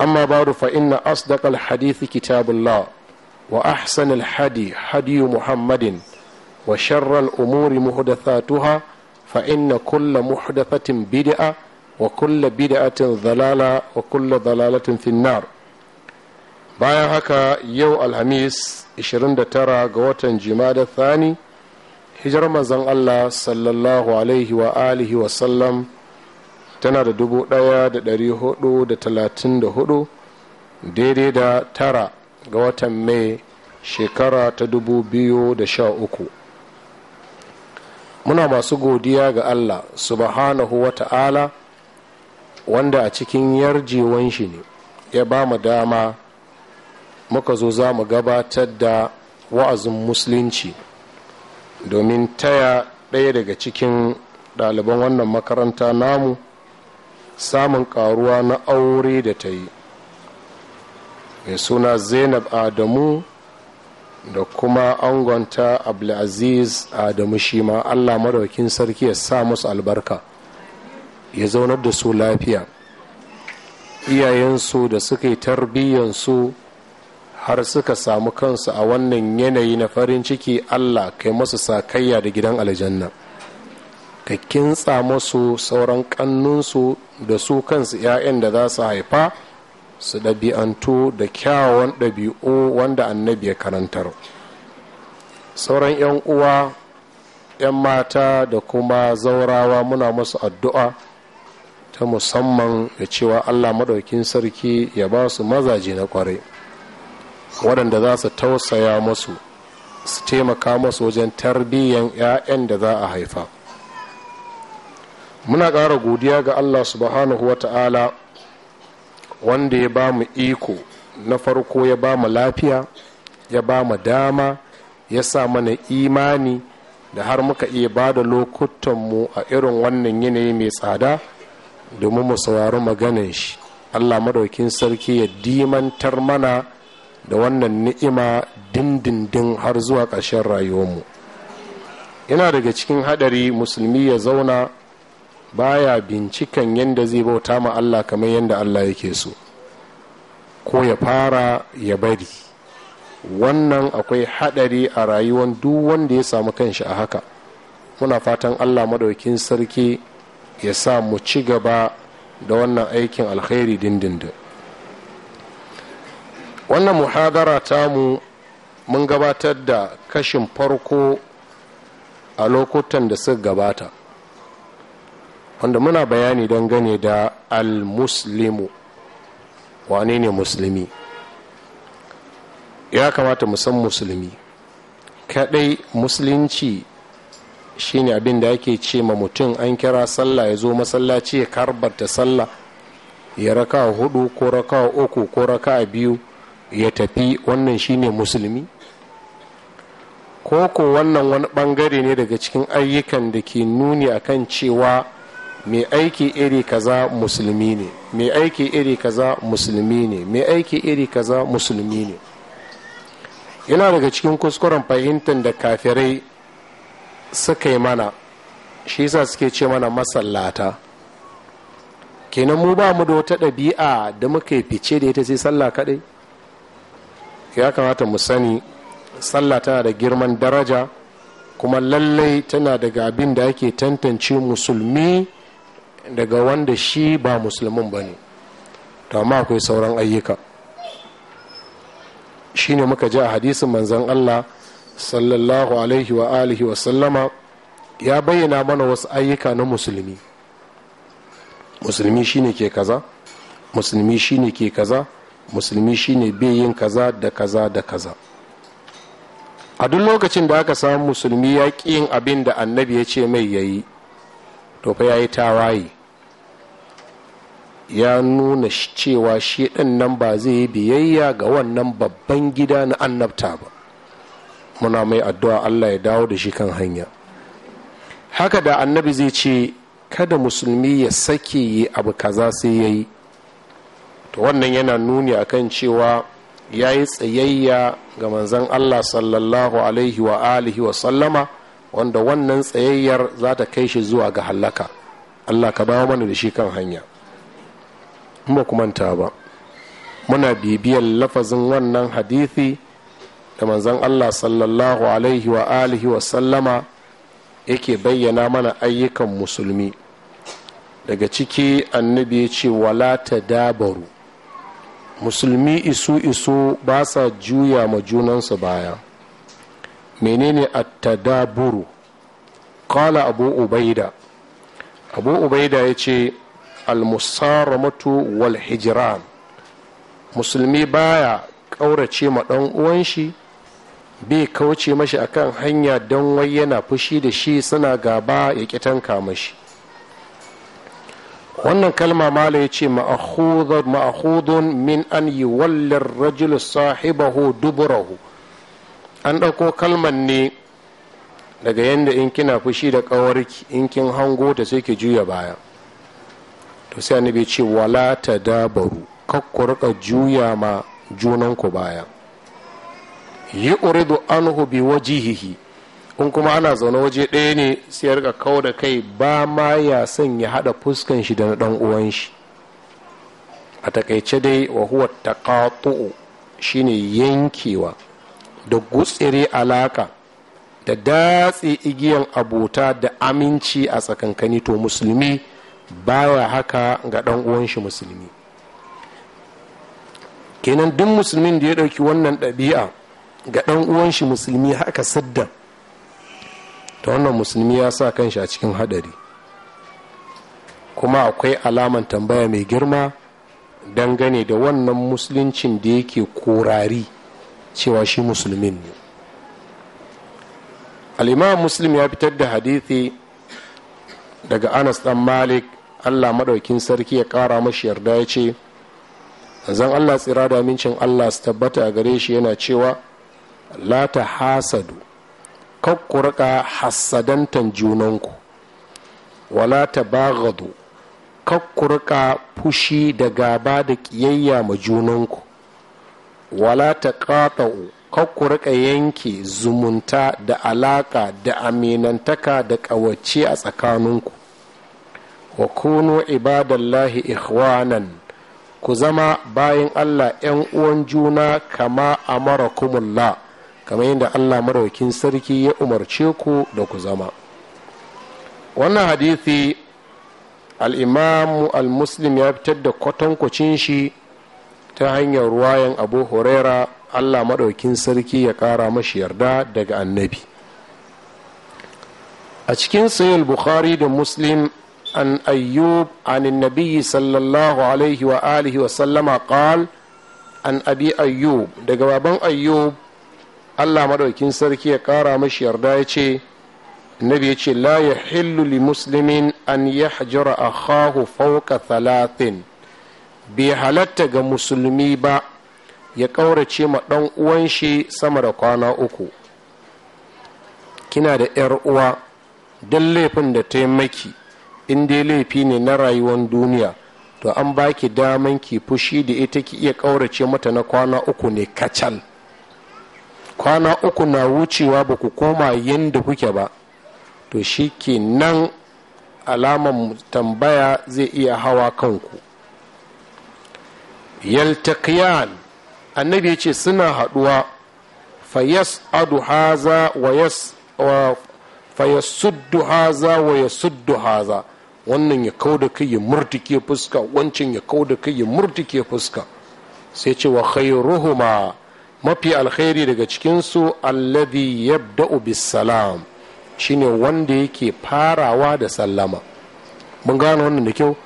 أما بعد فإن أصدق الحديث كتاب الله وأحسن الحدي حدي محمد وشر الأمور محدثاتها فإن كل محدثة بدعة وكل بدعة ضلالة وكل ضلالة في النار bayan haka yau alhamis 29 ga watan jimada thani hijar manzon allah sallallahu alaihi wa alihi wa sallam tana da dubu ɗaya da ɗari hudu da talatin da hudu daidai da tara ga watan mai shekara ta dubu biyu da sha uku muna masu godiya ga allah subhanahu wa ta'ala wanda a cikin yarjewan shi ne ya ba mu dama muka zo za mu gabatar da wa'azin musulunci domin taya ɗaya daga cikin ɗaliban wannan makaranta namu samun karuwa na aure da ta yi mai suna zainab adamu da kuma angonta abdulaziz adamu shi ma allah madaukin sarki ya sa musu albarka ya zaunar da su lafiya iyayensu da suka yi tarbiyyansu har suka samu kansu a wannan yanayi na farin ciki allah kai masu sakayya da gidan aljanna ka kintsa masu sauran kannunsu da su kansu 'ya'yan da za su haifa su ɗabi'antu da kyawawan ɗabi'u wanda annabi ya karantar sauran 'yan uwa 'yan mata da kuma zaurawa muna musu addu'a ta musamman ya cewa allah maɗaukin sarki ya ba su mazaje na ƙwarai waɗanda za su tausaya masu su taimaka masu wajen tarbiyyan 'ya'yan da za a haifa muna ƙara godiya ga allah subhanahu wa ta'ala wanda ya ba mu iko na farko ya ba mu lafiya ya ba mu dama ya sa mana imani da har muka iya ba da lokutanmu a irin wannan yanayi mai tsada domin mu saurari maganin shi allah madaukin sarki ya dimantar mana da wannan ni'ima dindindin har zuwa ƙarshen rayuwarmu ina daga cikin haɗari musulmi ya zauna baya binciken yadda zai bauta ma Allah kamar yadda Allah yake so ko ya fara ya bari wannan akwai haɗari a rayuwar duk wanda ya samu kanshi a haka muna fatan Allah madaukin sarki ya sa mu ci gaba da wannan aikin alkhairi dindindin wannan muhadara mu mun gabatar da kashin farko a lokutan da suka gabata wanda muna bayani don dangane da al-muslimu wane ne musulmi ya kamata mu san musulmi kadai musulunci shine abin da ake ce ma mutum an kira sallah ya zo masallaci ya karbata sallah ya raka hudu ko raka uku ko raka biyu ya tafi wannan shine musulmi ko ko wannan wani bangare ne daga cikin ayyukan da ke nuni akan cewa mai aiki iri kaza musulmi ne mai aiki iri kaza musulmi ne mai aiki iri kaza musulmi ne yana daga cikin kuskuren fahimtar da kafirai suka yi mana shi yasa suke ce mana masallata kenan mu ba mu da wata ɗabi'a da muka fice da ita sai sallah kaɗai ya kamata mu sani sallah tana da girman daraja kuma lallai tana daga abin da ake tantance musulmi daga wanda shi ba musulmin ba ne to amma akwai sauran ayyuka shi ne muka ji a hadisin manzan allah sallallahu alaihi wa alihi wa sallama ya bayyana mana wasu ayyuka na musulmi musulmi shine ke kaza musulmi shine ke kaza musulmi shine bai yin kaza da kaza da kaza a duk lokacin da aka samu musulmi ya ƙi yin abin da annabi ya ce mai yayi to fa yayi tawaye ya nuna cewa shi ɗin nan ba zai yi biyayya ga wannan babban gida na annabta ba muna mai addu'a allah ya dawo da shi kan hanya haka da annabi zai ce kada musulmi ya sake yi abu kaza sai ya yi to wannan yana nuni akan cewa ya yi tsayayya ga manzan allah sallallahu alaihi wa alihi wa sallama wanda wannan tsayayyar za ta kai shi zuwa ga hallaka allah ka dawo mana da shi kan hanya ba ku manta ba muna bibiyar lafazin wannan hadithi da manzon allah sallallahu alaihi wa alihi wa sallama yake bayyana mana ayyukan musulmi daga ciki annabi ya ce wala ta dabaru musulmi isu isu ba sa juya ma junansu baya menene at-tadaburu qala abu ubaida abu ubaida ya ce almusaramatu wal hijran musulmi baya ƙaurace ma ɗan uwan shi bai kauce mashi akan hanya don wai yana fushi da shi suna gaba ya tanka mashi wannan kalma mala ya ce ma'ahudun min an yi wallar rajul sahibahu duburahu an ɗauko kalman ne daga yadda in kina fushi da ƙawarki in kin hango ta sai ki juya baya to sai annabi ce wala ta dabaru kakku rika juya ma junan ku baya yi uridu anhu bi wajihihi in kuma ana zaune waje ɗaya ne sai rika kawo da kai ba ma ya son ya haɗa fuskan shi da na ɗan uwan shi a takaice dai wa huwa taqatu shine yankewa da gutsire alaka da datse igiyan abota da aminci a tsakankani to musulmi baya haka ga ɗan uwanshi musulmi kenan duk musulmin da ya ɗauki wannan ɗabi'a ga ɗan uwanshi shi musulmi haka sadda ta wannan musulmi ya sa kanshi a cikin haɗari kuma akwai alaman tambaya mai girma dangane da wannan musuluncin da yake korari cewa shi musulmin ne al'imam muslim ya fitar da hadithi daga anas dan malik allah maɗaukin sarki ya ƙara mashi yarda ya ce zan allah tsira da amincin allah su tabbata a gare shi yana cewa lata hasadu kakkurka hasadantan junanku wala ta bagadu kakkurka fushi da gaba da ƙiyayya ma junanku wala ta ƙata'u ku rika yanki zumunta da alaka da aminantaka da ƙawace a tsakaninku wa kunu ibadallahi ikhwanan ku zama bayan allah 'yan uwan juna kama amara kumulla kamar yadda allah maraukin sarki ya umarce ku da ku zama wannan hadithi al'imamu al-muslim ya fitar da kwatankwacin shi ta hanyar ruwayan abu huraira allah maɗaukin sarki ya ƙara mashi yarda daga annabi a cikin sayil bukhari da muslim an ayyub an nabi sallallahu alaihi wa alihi wa sallama ƙal an abi ayyub daga baban ayyub allah maɗaukin sarki ya ƙara mashi yarda ya ce annabi ya ce la ya hillu li muslimin an ya hajjara a fauka talatin bai halatta ga musulmi ba ya ƙaurace ma ɗan uwan shi sama da kwana uku kina da 'yar uwa don laifin da ta maki in dai laifi ne na rayuwar duniya to an baki daman ki fushi da ita ki iya ƙaurace mata na kwana uku ne kacal kwana uku na wucewa ba ku koma yadda kuke ba to shi ke nan alaman tambaya zai iya hawa kanku yaltaqiyan annabi ya ce suna haɗuwa fayas adu haza wa yas suddu haza wa suddu haza wannan ya kau da kai ya murtike fuska wancan ya kau da kai ya murtike fuska sai ce wa khairuhuma mafi alkhairi daga cikinsu alladhi yabda'u bis salam shine wanda yake farawa da sallama mun gane wannan da kyau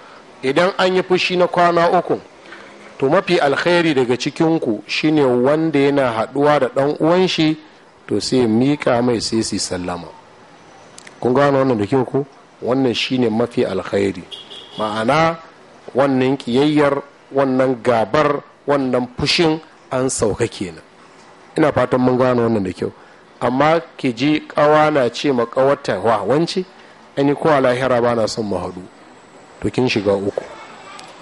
idan an yi fushi na kwana uku to mafi alkhairi daga cikinku shine wanda yana haɗuwa da ɗan uwan shi to sai miƙa mai sai su sallama kun gano wannan da kyau ku wannan shine mafi alkhairi ma'ana wannan ƙiyayyar wannan gabar wannan fushin an sauka kenan ina fatan mun gano wannan da kyau amma ki ji ƙawa na ce ma wa wance ani ko lahira ba na son mu haɗu to kin shiga uku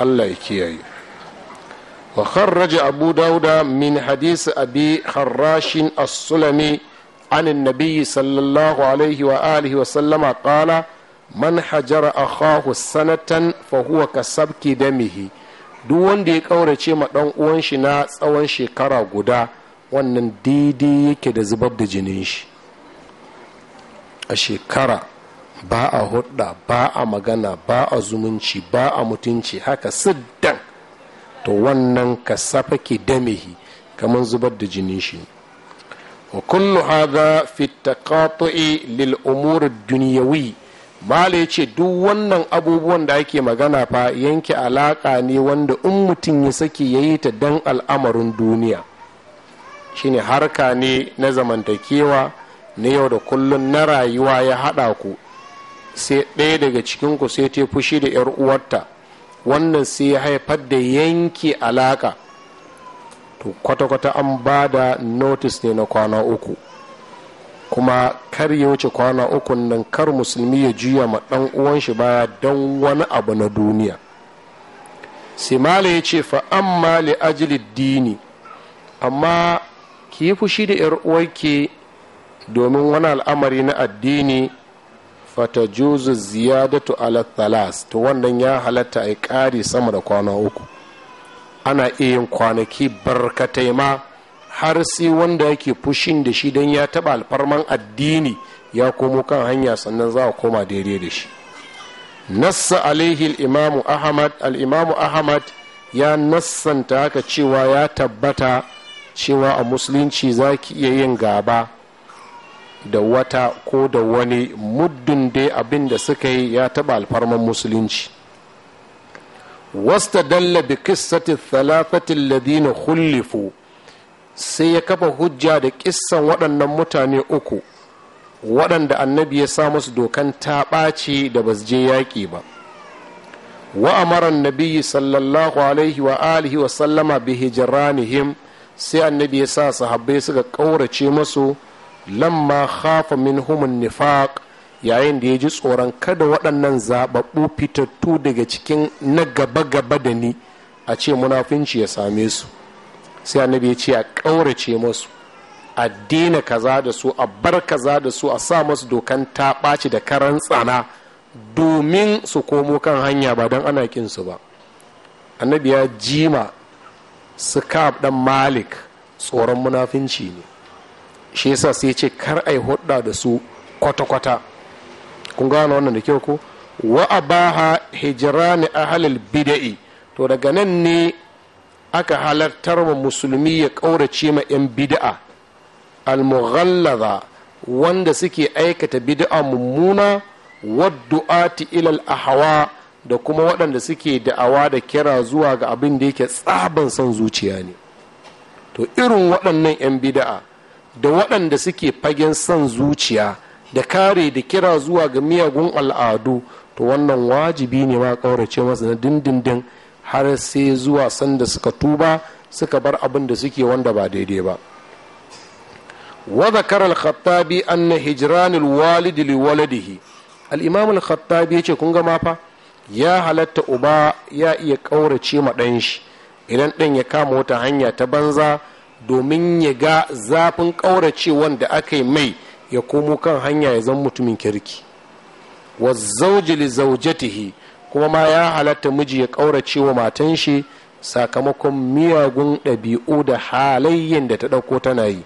allah ya kiyaye وخرج أبو داود من حديث أبي خراش السلمي عن النبي صلى الله عليه وآله وسلم قال man hajara akhahu sanatan fa huwa kasabki damihi duk wanda ya kaurace ma dan uwan shi na tsawon shekara guda wannan daidai yake da zubar da jinin shi a shekara ba a hudda ba a magana ba a zumunci ba a mutunci haka sid to wannan ka safake damihi kamar zubar da jinin shi wa kullu hadha fi lil umur dunyawi mala yace duk wannan abubuwan da ake magana fa yanke alaka ne wanda in mutum ya saki yayi ta dan al'amarin duniya shine harka ne na zamantakewa na yau da kullun na rayuwa ya hada ku sai ɗaya daga cikin ku sai ta fushi da 'yar uwarta wannan sai ya haifar da yanke alaka to kwata-kwata an ba da notice ne na kwana uku kuma kar ya wuce kwana uku nan kar musulmi ya juya ma dan uwan shi baya don wani abu na duniya simala ya ce fa amma li dini amma ki yi fushi da yar uwarki domin wani al'amari na addini fata juzu ziyadatu ala thalas to wannan ya halatta a ƙari sama da kwana uku ana iya yin kwanaki barkatai ma har sai wanda yake fushin da shi don ya taba alfarman addini ya komo kan hanya sannan za a koma daidai da shi nassa alaihi al'imamu ahmad al'imamu ahmad ya nassanta haka cewa ya tabbata cewa a musulunci za ki iya yin gaba da wata ko da wani muddin dai abin da suka yi ya taɓa alfarman musulunci wasta dalla bi kissati thalathatin ladina hullifu sai ya kafa hujja da kissan waɗannan mutane uku waɗanda annabi ya sa musu dokan ta ɓaci da ba je yaƙi ba wa amaran nabiyyi sallallahu alaihi wa alihi wa sallama bi hijranihim sai annabi ya sa sahabbai suka ƙaurace masu lamma khafa humun nifaq yayin da ya ji tsoron kada waɗannan zaɓaɓɓu fitattu daga cikin na gaba-gaba da ni a ce munafinci ya same su sai annabi ya ce a ƙaurace masu a daina kaza da su a bar kaza da su a sa masu dokan ta ɓaci da karan tsana domin su komo kan hanya ba don ana kin su ba annabi ya jima su ɗan malik tsoron munafinci ne shi yasa sai ce kar ai hudda da su kwata-kwata kun gano wannan da kyau ko wa ne a halin bida'i to daga nan ne aka halartar wa musulmi ya kaurace ma yan bida'a al wanda suke aikata bida'a mummuna waddu'ati ilal a hawa da kuma waɗanda suke da'awa da kira zuwa ga abin da yake tsaban son zuciya ne to irin waɗannan 'yan bida'a da waɗanda suke fagen son zuciya da kare da kira zuwa ga miyagun al'adu to wannan wajibi ne ma ƙaurace masa na dindindin har sai zuwa sanda suka tuba suka bar abin da suke wanda ba daidai ba وذكر الخطابي أن هجران الوالد لولده الإمام الخطابي يجي كونغا مافا يا هلت أبا يا إيا idan ɗan ya kama wata hanya ta banza. domin ya ga zafin ƙauracewan wanda aka yi mai ya komo kan hanya ya zama mutumin kirki wa zauji li zaujatihi kuma ma ya halatta miji ya ƙaurace wa matan shi sakamakon miyagun ɗabi'u da halayyen da ta ɗauko tana yi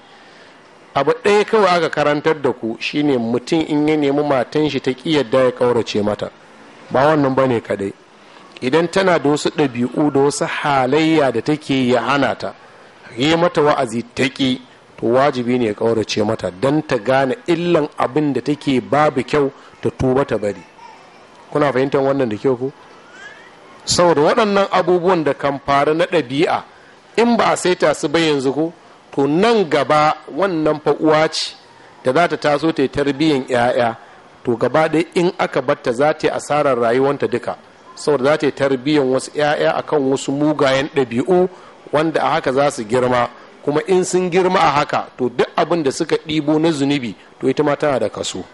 abu ɗaya kawai aka karantar da ku shine mutum in ya nemi matan shi ta ƙiyarda ya ƙaurace mata ba wannan ba ne kadai idan tana da wasu ɗabi'u da wasu halayya da take ya hana ta yi mata wa'azi ta ƙi to wajibi ne ya ƙaurace mata don ta gane illan abin da take babu kyau ta tuba ta bari kuna fahimtar wannan da kyau ku saboda waɗannan abubuwan da kan faru na ɗabi'a in ba a saita su ba yanzu ko to nan gaba wannan fa ce da za ta taso ta yi tarbiyyan 'ya'ya to gaba ɗaya in aka batta za ta yi asarar rayuwanta duka saboda za ta yi tarbiyyan wasu 'ya'ya akan wasu mugayen ɗabi'u wanda a haka za su girma kuma in sun girma a haka to duk abin da suka ɗibo na zunubi to ita ma tana da kaso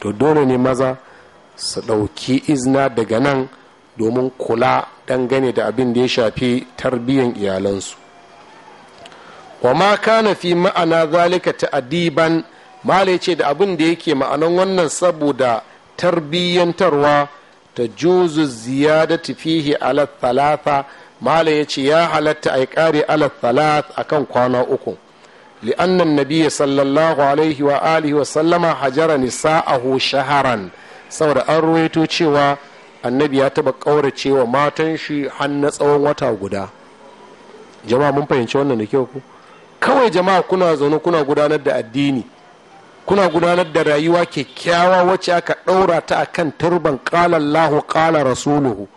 to dole ne maza su ɗauki izina daga nan domin kula dangane da abin da ya shafi tarbiyyan iyalansu wa ma kana fi ma'ana zalika ta'adiban malai ce da abin da yake ma'anan wannan saboda tarbiyyantarwa ta juzu ziyadati fihi ala talata. mala ya ce ya halatta a yi kare ala talat a kan kwana uku li'annan nabiya sallallahu alaihi wa alihi wa sallama hajara nisa'ahu shaharan saboda an ruwaito cewa annabi ya taba ƙaurace wa matan shi har na tsawon wata guda jama'a mun fahimci wannan da kyau ku kawai jama'a kuna zaune kuna gudanar da addini kuna gudanar da rayuwa kyakkyawa wacce aka ɗaura ta akan turban ƙala kala rasuluhu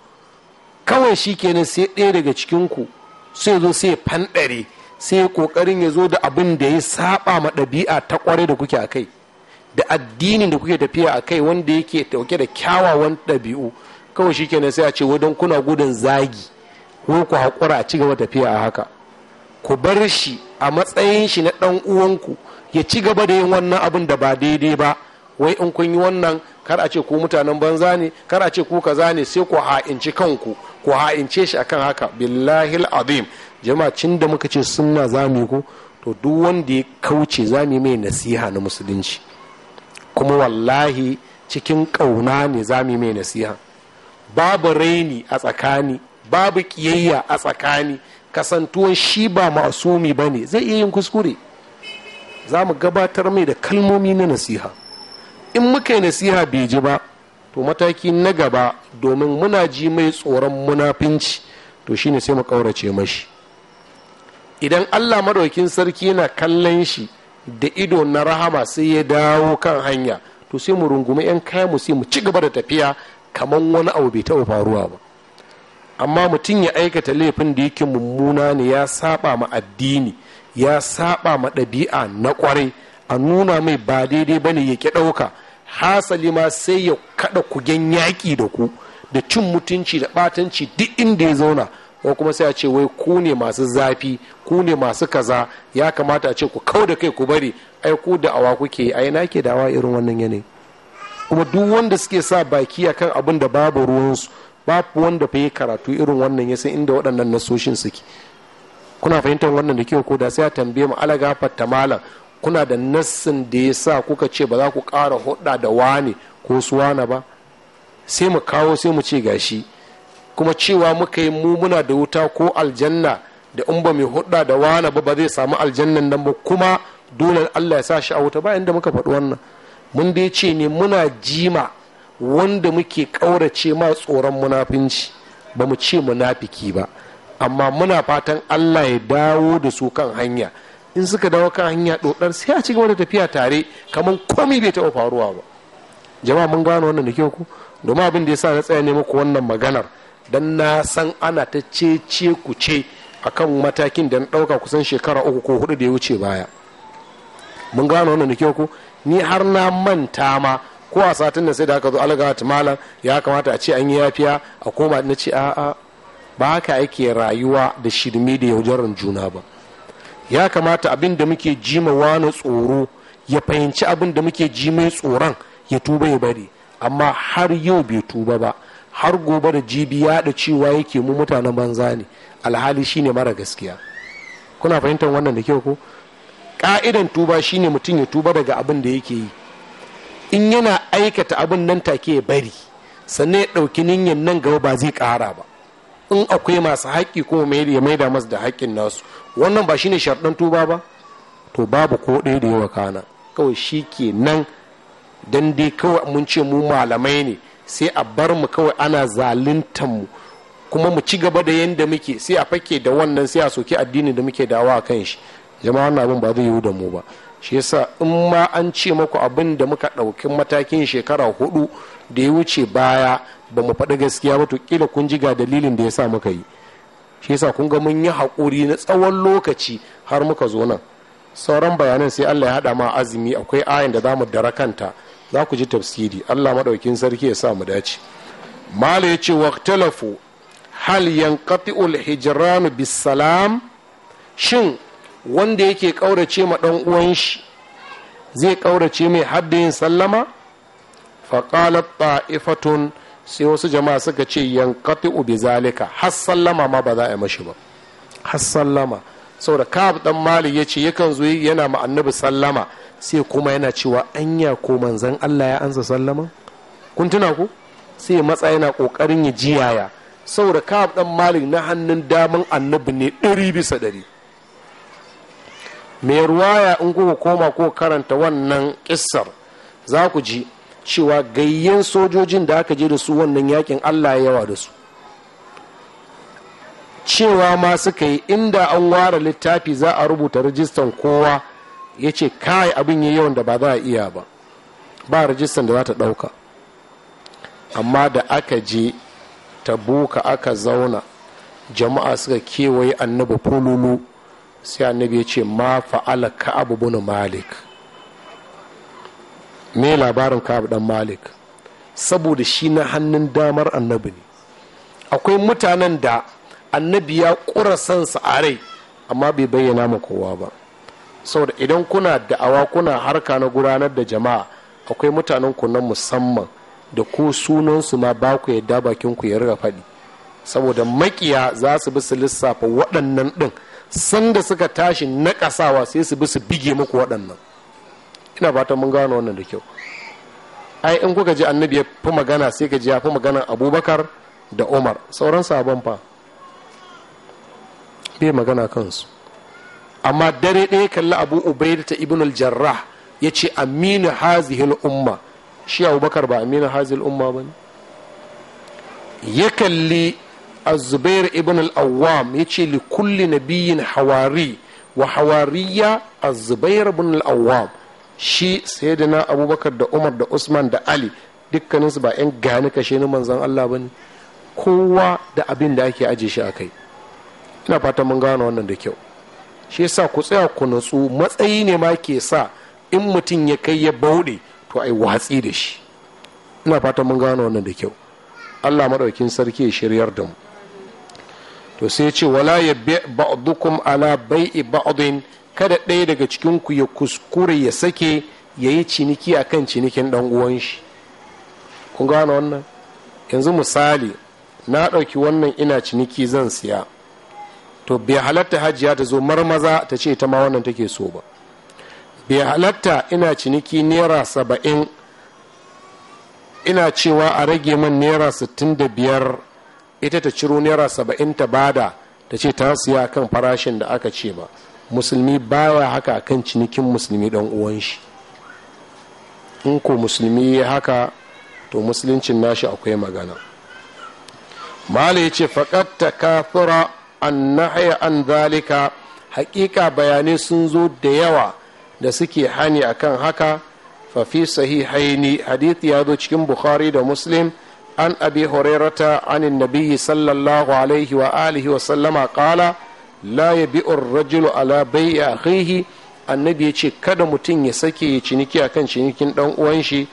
kawai shi kenan sai ɗaya daga cikinku sai zo sai fanɗare sai ƙoƙarin ya zo da abin da ya saɓa ma ɗabi'a ta ƙware da kuke a kai da addinin da kuke tafiya a kai wanda yake ɗauke da kyawawan ɗabi'u kawai shi kenan sai a ce wadon kuna gudun zagi ko ku haƙura a ci gaba tafiya a haka ku bar shi a matsayin shi na ɗan uwanku ya ci gaba da yin wannan abin da ba daidai ba wai in kun yi wannan kar a ce ku mutanen banza ne kar a ce ku kaza ne sai ku ha'inci kanku ku ha'ince shi akan haka billahi azim jama'a cin da muka ce sunna zamu ku to duk wanda ya kauce zamu mai nasiha na musulunci kuma wallahi cikin kauna ne zamu mai nasiha babu raini a tsakani babu kiyayya a tsakani kasantuwan shi ba masumi bane zai iya yin kuskure za mu gabatar mai da kalmomi na nasiha in muka yi nasiha bai ji ba to mataki na gaba domin muna ji mai tsoron munafinci to shine sai mu ƙaurace mashi idan allah maɗaukin sarki yana kallon shi da ido na rahama sai ya dawo kan hanya to sai mu rungumi 'yan kaya mu sai mu ci gaba da tafiya kamar wani abu bai taɓa faruwa ba amma mutum ya aikata laifin da yake mummuna ne ya saba ma addini ya saba ma ɗabi'a na ƙwarai a nuna mai ba daidai bane ya ki ɗauka hasali ma sai ya kaɗa kugen yaƙi da ku da cin mutunci da ɓatanci duk inda ya zauna ko kuma sai a ce wai ku ne masu zafi ku ne masu kaza ya kamata a ce ku kau da kai ku bari ai ku da awa kuke ai na ke dawa irin wannan yanayi kuma duk wanda suke sa baki akan abin da babu ruwansu babu wanda fa yi karatu irin wannan ya san inda waɗannan nasoshin suke kuna fahimtar wannan da kyau ko da sai a tambaye mu ala ta malam kuna da nassin da ya sa kuka ce ba za ku ƙara hudda da wani ko su wana ba sai mu kawo sai mu ce gashi kuma cewa muka yi mu muna da wuta ko aljanna da in ba mai hudda da wani ba ba zai samu aljannan nan ba kuma dole Allah ya sa shi a wuta ba inda muka faɗi wannan mun dai ce ne muna jima wanda muke ƙaurace ma tsoron munafinci ba mu ce munafiki ba amma muna fatan Allah ya dawo da su kan hanya in suka dawo kan hanya dodar sai a ci wani tafiya tare kamar komai bai taɓa faruwa ba jama'a mun gano wannan da kyau ku domin abin da yasa na tsaya ne muku wannan maganar dan na san ana ta ce-ce ku ce akan matakin da na ɗauka kusan shekara uku ko hudu da ya wuce baya mun gano wannan da kyau ku ni har na manta ma ko a satin da sai da aka zo alagawa malam ya kamata a ce an yi yafiya a koma na ce a'a ba haka ake rayuwa da shirme da yaujarar juna ba ya kamata abin da muke jimawa wani tsoro ya fahimci abin da muke ji mai tsoron ya tuba ya bari amma har yau bai tuba ba har gobe da jibi ya da cewa yake mu mutanen banza ne alhali shine mara gaskiya kuna fahimtar wannan da kyau ko ka'idan tuba shine mutum ya tuba daga abin da yake yi in yana aikata abin nan take ya bari sannan ya ɗauki ninyan nan gaba ba zai ƙara ba in akwai masu haƙƙi kuma ya da masu da haƙƙin nasu wannan ba shine sharɗan tuba ba to babu ko ɗaya da yawa kana kawai shi ke nan don dai kawai mun ce mu malamai ne sai a bar mu kawai ana zaluntan mu kuma mu ci gaba da yadda muke sai a fake da wannan sai a soki addini da muke dawa a kan shi jama'a na abin ba zai yiwu da mu ba shi yasa in ma an ce maku abin da muka ɗauki matakin shekara hudu da ya wuce baya ba mu faɗi gaskiya ba to kila kun ji ga dalilin da ya sa muka yi shi yasa kun ga mun yi haƙuri na tsawon lokaci har muka zo nan sauran bayanan sai Allah ya haɗa ma azumi akwai ayin da za mu dara kanta za ku ji tafsiri Allah maɗaukin sarki ya sa mu dace mala ya ce waqtalafu hal yanqati'ul hijran bis salam shin wanda yake kaurace ma dan uwan shi zai kaurace mai haddin sallama faqalat ta'ifatun sai wasu jama'a suka ce yankati ubi zalika har sallama ma ba za a yi mashi ba har sallama saboda kab dan mali ya ce yakan zo yana ma annabi sallama sai kuma yana cewa anya ko manzan Allah ya ansa sallama kun tuna ku sai matsa yana kokarin ya jiyaya saboda kab dan mali na hannun daman annabi ne ɗari bisa ɗari mai ruwaya in kuka koma ko karanta wannan kissar za ku ji cewa gayyen sojojin da aka je da su wannan yakin allah ya yawa da su cewa ma suka yi inda an ware littafi za a rubuta rajistan kowa ya ce kai abin ya yawan da ba za a iya ba ba rajistan da za ta ɗauka amma da aka je ta buka aka zauna jama'a suka kewaye annabi fululu sai annabi ya ce ma fa'ala ka abu malik ne labarin ka'ab dan malik saboda shi na hannun damar annabi ne akwai mutanen da annabi ya kura su a rai amma bai bayyana ma kowa ba saboda idan kuna da'awa kuna harka na gudanar da jama'a akwai mutanen ku na musamman da ko sunansu ma ba ku yadda bakin ku ya riga faɗi saboda makiya za su bi su lissafa waɗannan ɗin sanda suka tashi na ƙasawa sai su bi su bige muku waɗannan ina fata mun gano wannan da kyau ai in kuka ji annabi ya fi magana sai ka ji ya fi magana abubakar da umar sauran sabon fa bai magana kansu amma dare ɗaya kalli abu ubaida ta ibn al-jarrah ya ce aminu hazihil umma shi abubakar ba aminu hazihil umma ba ne ya kalli azubair ibn al-awwam ya ce li kulli nabiyin hawari wa hawariya azubair ibn al-awwam shi sayyidina abubakar da umar da usman da ali dukkaninsu ba 'yan gani kashe ni manzan allah ba ne kowa da abin da ake aje shi a kai ina fata mun gano wannan da kyau shi yasa ku tsaya ku nutsu matsayi ne ma ke sa in mutum ya kai ya bauɗe to ai watsi da shi ina fata mun gano wannan da kyau allah maɗaukin sarki ya shiryar da mu to sai ce wala ya ba'dukum ala bai'i ba'din kada ɗaya daga cikinku ya kuskure ya sake ya yi ciniki a kan cinikin ɗan uwan shi kun gano wannan yanzu misali na ɗauki wannan ina ciniki zan siya to bai halatta hajiya ta zo marmaza ta ce ta ma wannan take so ba bai halatta ina ciniki naira saba'in ina cewa a rage man naira sittin da biyar ita ta ciro naira saba'in ta bada ta ce ta siya kan farashin da aka ce ba musulmi baya haka a kan cinikin musulmi dan uwan shi in ko musulmi ya haka to musuluncin nashi akwai magana mala ya ce faƙatta kafura an nahaya an zalika hakika bayanai sun zo da yawa da suke hani akan haka fafi sahihaini hadith ya zo cikin bukhari da muslim an abi hurairata anin nabi sallallahu alaihi wa alihi wa sallama qala la ya bi rajulu ala bai ya akhihi annabi ya ce kada mutum ya sake ya ciniki akan cinikin dan uwan shi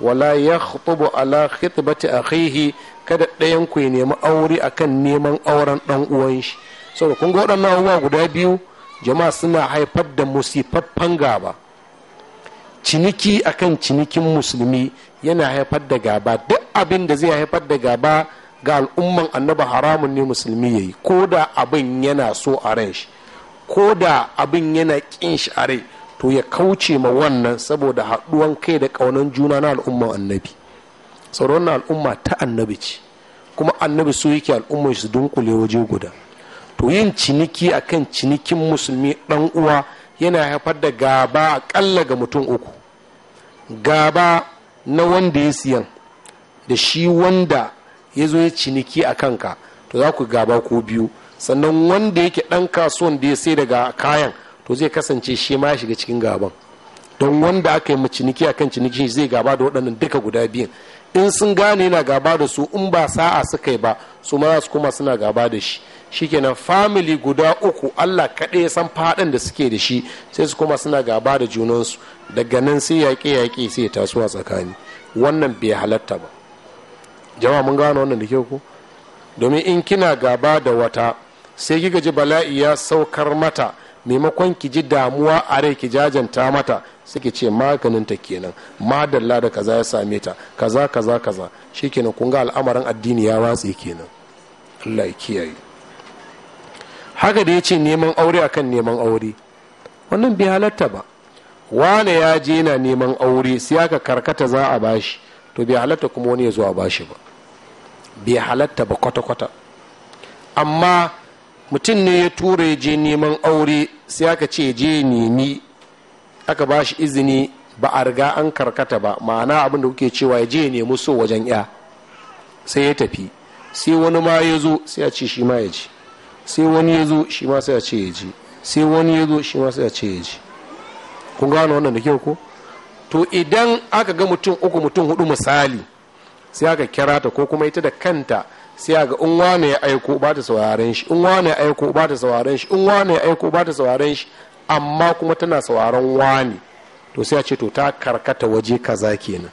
wala ya khutubu ala khitbati akhihi kada ɗayan ku ya nemi aure akan neman auren dan uwan shi saboda kun ga waɗannan abubuwa guda biyu jama'a suna haifar da musifaffan gaba ciniki akan cinikin musulmi yana haifar da gaba duk abin da zai haifar da gaba ga al'umman annaba haramun ne musulmi ya yi ko da abin yana so a rai shi ko da abin yana kin shi a rai to ya kauce ma wannan saboda haɗuwan kai da ƙaunan juna na al'umman annabi sauran na al'umma ta annabi ce kuma annabi so yake al'umman su dunkule waje guda to yin ciniki akan cinikin musulmi ɗan uwa yana haifar da gaba aƙalla ga mutum uku gaba na wanda ya siyan da shi wanda ya zo ya ciniki a kanka to za ku gaba ko biyu sannan wanda yake ɗan kasuwan da ya sai daga kayan to zai kasance shi ma ya shiga cikin gaban don wanda aka yi ciniki a kan ciniki zai gaba da waɗannan duka guda biyun in sun gane yana gaba da su in ba sa'a suka yi ba su ma su kuma suna gaba da shi shi shikenan famili guda uku Allah kaɗai ya san faɗin da suke da shi sai su kuma suna gaba da junansu daga nan sai yaƙe-yaƙe sai ya a tsakani wannan bai halatta ba jama'a mun gano wannan da ke ku domin in kina gaba da wata sai kika ji bala'i ya saukar mata maimakon ki ji damuwa a rai ki jajanta mata sai ki ce maganin ta kenan madalla da kaza ya same ta kaza kaza kaza shikenan kun ga al'amarin addini ya watse kenan Allah ya kiyaye haka da ya ce neman aure akan neman aure wannan bai halatta ba wane ya je yana neman aure sai aka karkata za a bashi to bai halatta kuma wani ya zo a bashi ba bai halatta ba kwata-kwata amma mutum ne ya tura ya je neman aure sai aka ce je nemi aka ba shi izini ba a riga an karkata ba ma'ana abin da kuke cewa ya je nemi so wajen ya sai ya tafi sai wani ma ya zo sai a ce shi ma ya ji sai wani ya zo shi ma sai a ce ya ji sai wani ya zo shi ma sai a ce ya ji kun gano wannan da kyau ko to idan aka ga mutum uku mutum hudu misali sai aka kira ta ko kuma ita da kanta sai aka in wane ya aiko ba ta sauraren shi in wane ya aiko ba ta sauraren shi in wane ya aiko ba ta sauraren shi amma kuma tana sauraron wani to sai a ce to ta karkata waje kaza kenan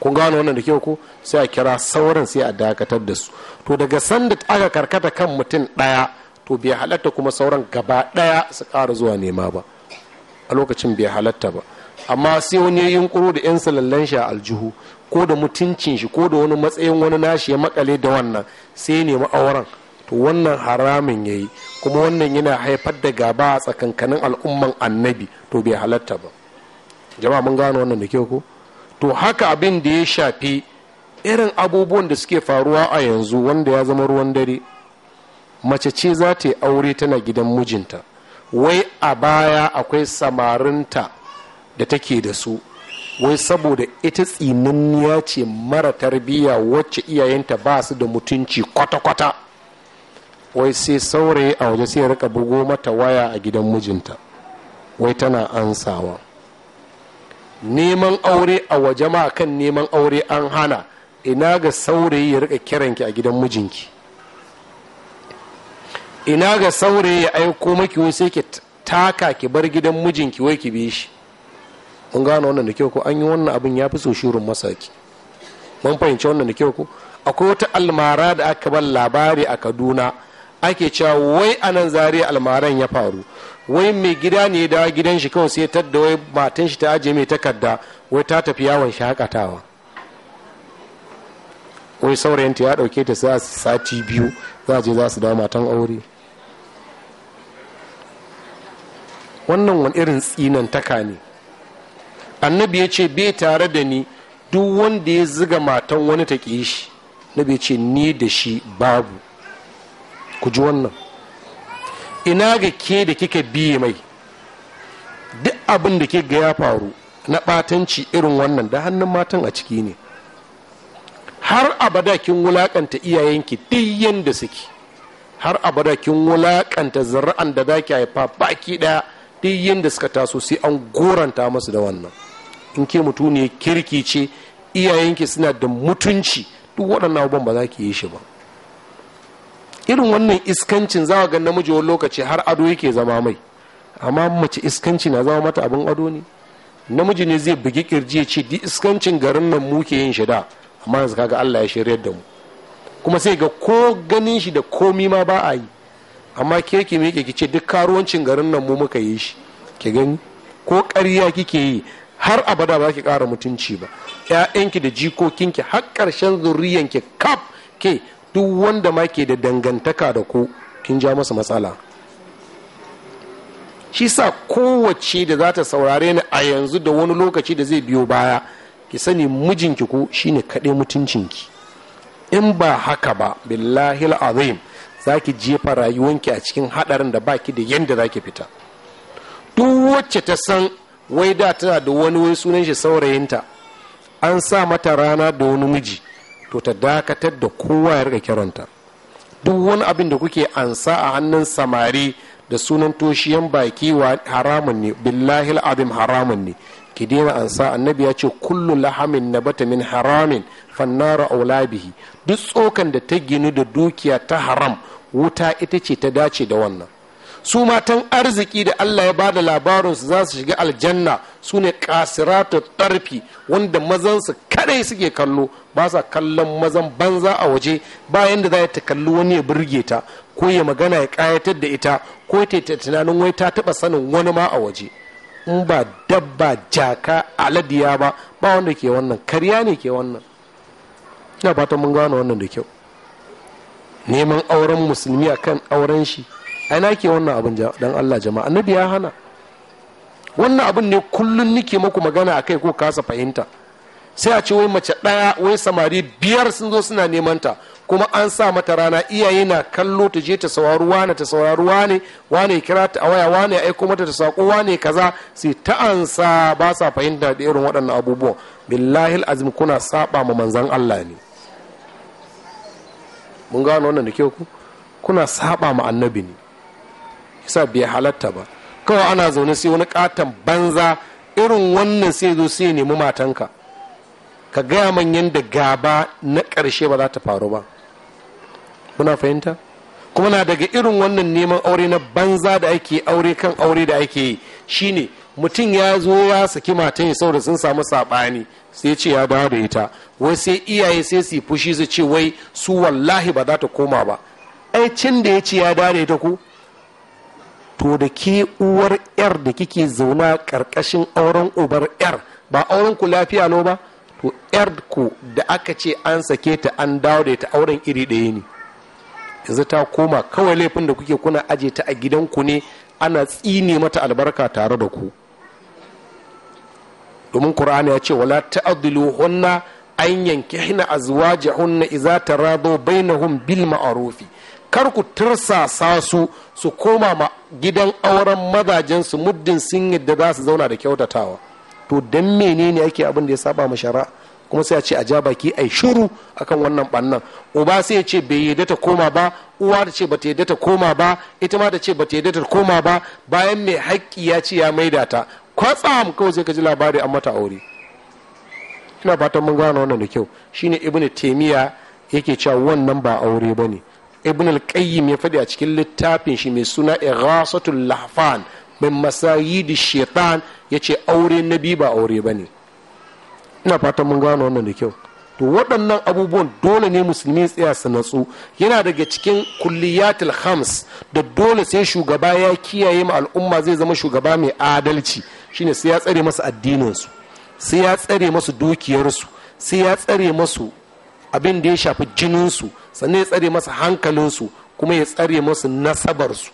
kun gano wannan da kyau ko sai a kira sauran sai a dakatar da su to daga sanda aka karkata kan mutum ɗaya to bai halatta kuma sauran gaba ɗaya su kara zuwa nema ba a lokacin bai halatta ba amma sai wani ya da yan salallan shi a aljihu ko da mutuncin shi ko da wani matsayin wani nashi ya makale da wannan sai ya nemi auren to wannan haramin ya yi kuma wannan yana haifar da gaba a tsakankanin al'umman annabi to bai halatta ba jama'a mun gano wannan da kyau ko to haka abin da ya shafi irin abubuwan da suke faruwa a yanzu wanda ya zama ruwan dare mace ce za ta yi aure tana gidan mijinta wai a baya akwai samarinta da take da su wai saboda ita tsinanniya ce mara tarbiyya wacce iyayenta ba su da mutunci kwata-kwata wai sai saurayi a waje sai rika bugo mata waya a gidan mijinta wai tana ansawa neman aure a waje ma kan neman aure an hana ina ga saurayi ya rika kiranki a gidan mijinki ina ga saurayi ya aiko maki wai sai ki taka ki bar gidan mijinki wai ki bi shi mun gane wannan da kyau ko an yi wannan abin ya fi so shirin masaki mun fahimci wannan da kyau ko akwai wata almara da aka bar labari a kaduna ake cewa wai a nan zariya almaran ya faru wai mai gida ne da gidan shi kawai sai tadda wai matan shi ta aje mai takarda wai ta tafi yawon shakatawa wai saurayinta ya dauke ta sai sati biyu za je za su dawo matan aure wannan wani irin tsinan taka ne annabi ya ce bai tare da ni duk wanda ya ziga matan wani ta ƙi shi annabi ya ce ni da shi babu ku ji wannan ina ga ke da kika biye mai duk abin da ke ga ya faru na ɓatanci irin wannan da hannun matan a ciki ne har abada kin wulakanta iyayenki duk yanda suke har abada kin wulaƙanta zarra'an da zaki haifa baki ɗaya duk yanda suka taso sai an goranta masu da wannan in ke mutu ne kirki ce iyayenki suna da mutunci duk waɗannan abubuwan ba za ki yi shi ba irin wannan iskancin za ga namiji wani lokaci har ado yake zama mai amma mace iskanci na zama mata abin ado ne namiji ne zai bugi kirji ya ce di iskancin garin nan muke yin shi da amma yanzu kaga Allah ya shirya da mu kuma sai ga ko ganin shi da komi ma ba a yi amma ke ki ke ki ce duk karuwancin garin nan mu muka yi shi ki gani ko karya kike yi har abada ba ki ƙara mutunci ba ƴaƴanki da jikokinki har ƙarshen zurriyanki kaf ke duk wanda ma ke da dangantaka da ku kin ja masa matsala shi sa kowace da za ta saurare ni a yanzu da wani lokaci da zai biyo baya ki sani mijinki ko shine kaɗai mutuncinki in ba haka ba billahi azim za ki jefa rayuwanki a cikin haɗarin da baki da yadda za ki fita duk wacce ta san wai da tana da wani wai sunan shi saurayinta an sa mata rana da wani miji to ta dakatar da kowa ya rika kiranta duk wani abin da kuke ansa a hannun samari da sunan toshiyan baki wa haramun ne billahi abin haramun ne ki daina ansa annabi ya ce kullu lahamin na min haramin fannara aulabihi duk tsokan da ta ginu da dukiya ta haram wuta ita ce ta dace da wannan su matan arziki da Allah ya bada labarinsu za su shiga aljanna su ne kasiratu tarfi wanda mazansu kadai suke kallo ba sa kallon mazan banza a waje bayan da za ta kalli wani ya burge ta ko ya magana ya kayatar da ita ko ta tunanin wai ta taba sanin wani ma a waje in ba dabba jaka aladiya ba ba wanda ke wannan karya ne ke wannan ina fatan mun gano wannan da kyau neman auren musulmi akan auren shi aina ke wannan abin dan Allah jama'a annabi ya hana wannan abin ne kullun nike muku magana akai ko kasa fahimta sai a ce wai mace ɗaya wai samari biyar sun zo suna neman ta kuma an sa mata rana iyaye na kallo ta je ta saurari wane ta saurari wane wane kira ta a waya wane ya aiko mata ta sako wane kaza sai ta ansa ba sa fahimta da irin waɗannan abubuwan billahi azim kuna saba ma manzan Allah ne mun gano wannan da ke ku kuna saba ma annabi ne yasa bai halatta ba kawai ana zaune sai wani katon banza irin wannan sai zo sai nemi matanka ka gaya man yadda gaba na ƙarshe ba za ta faru ba kuna fahimta kuma na daga irin wannan neman aure na banza da ake aure kan aure da ake yi shine mutum ya zo ya saki matan ya saboda sun samu saɓani sai ce ya dawo da ita wai sai iyaye sai su fushi su ce wai su wallahi ba za ta koma ba ai cin da ya ce ya dawo da ita ku to da ke uwar yar da kike zauna karkashin auren ubar yar ba auren ku lafiya no ba to yar ku da aka ce an sake ta an dawo da ta auren iri ɗaya ne yanzu ta koma kawai laifin da kuke kuna aje ta a gidanku ne ana tsine mata albarka tare da ku domin qur'ani ya ce wala ta'dilu hunna an yankihna azwajahunna idza taradu bainahum bil ma'rufi kar ku tursasa su su koma ma gidan auren mazajensu muddin sun yadda za su zauna da kyautatawa to don menene ake abin da ya saba ma shara, kuma sai a ce a ja baki ai shiru akan wannan bannan uba sai ya ce bai yadda ta koma ba uwa ta ce bata yadda ta koma ba ita ma da ce bata yadda ta koma ba bayan mai haƙƙi ya ce ya maida ta kwatsam kawai sai ka ji labari an mata aure ina fatan mun gane wannan da kyau shine ibnu taymiya yake cewa wannan ba aure bane ibn al-qayyim ya faɗi a cikin littafin shi mai suna irasatul lahfan min masayidi shaitan ya ce aure na biyu ba aure ba ne ina fatan mun gano wannan da kyau to waɗannan abubuwan dole ne musulmi tsaya su natsu yana daga cikin kulliyatul hams da dole sai shugaba ya kiyaye ma al'umma zai zama shugaba mai adalci shine sai ya tsare masu su sai ya tsare masu dukiyarsu sai ya tsare masu abin da ya shafi jininsu sannan ya tsare masa hankalinsu kuma ya tsare masu nasabarsu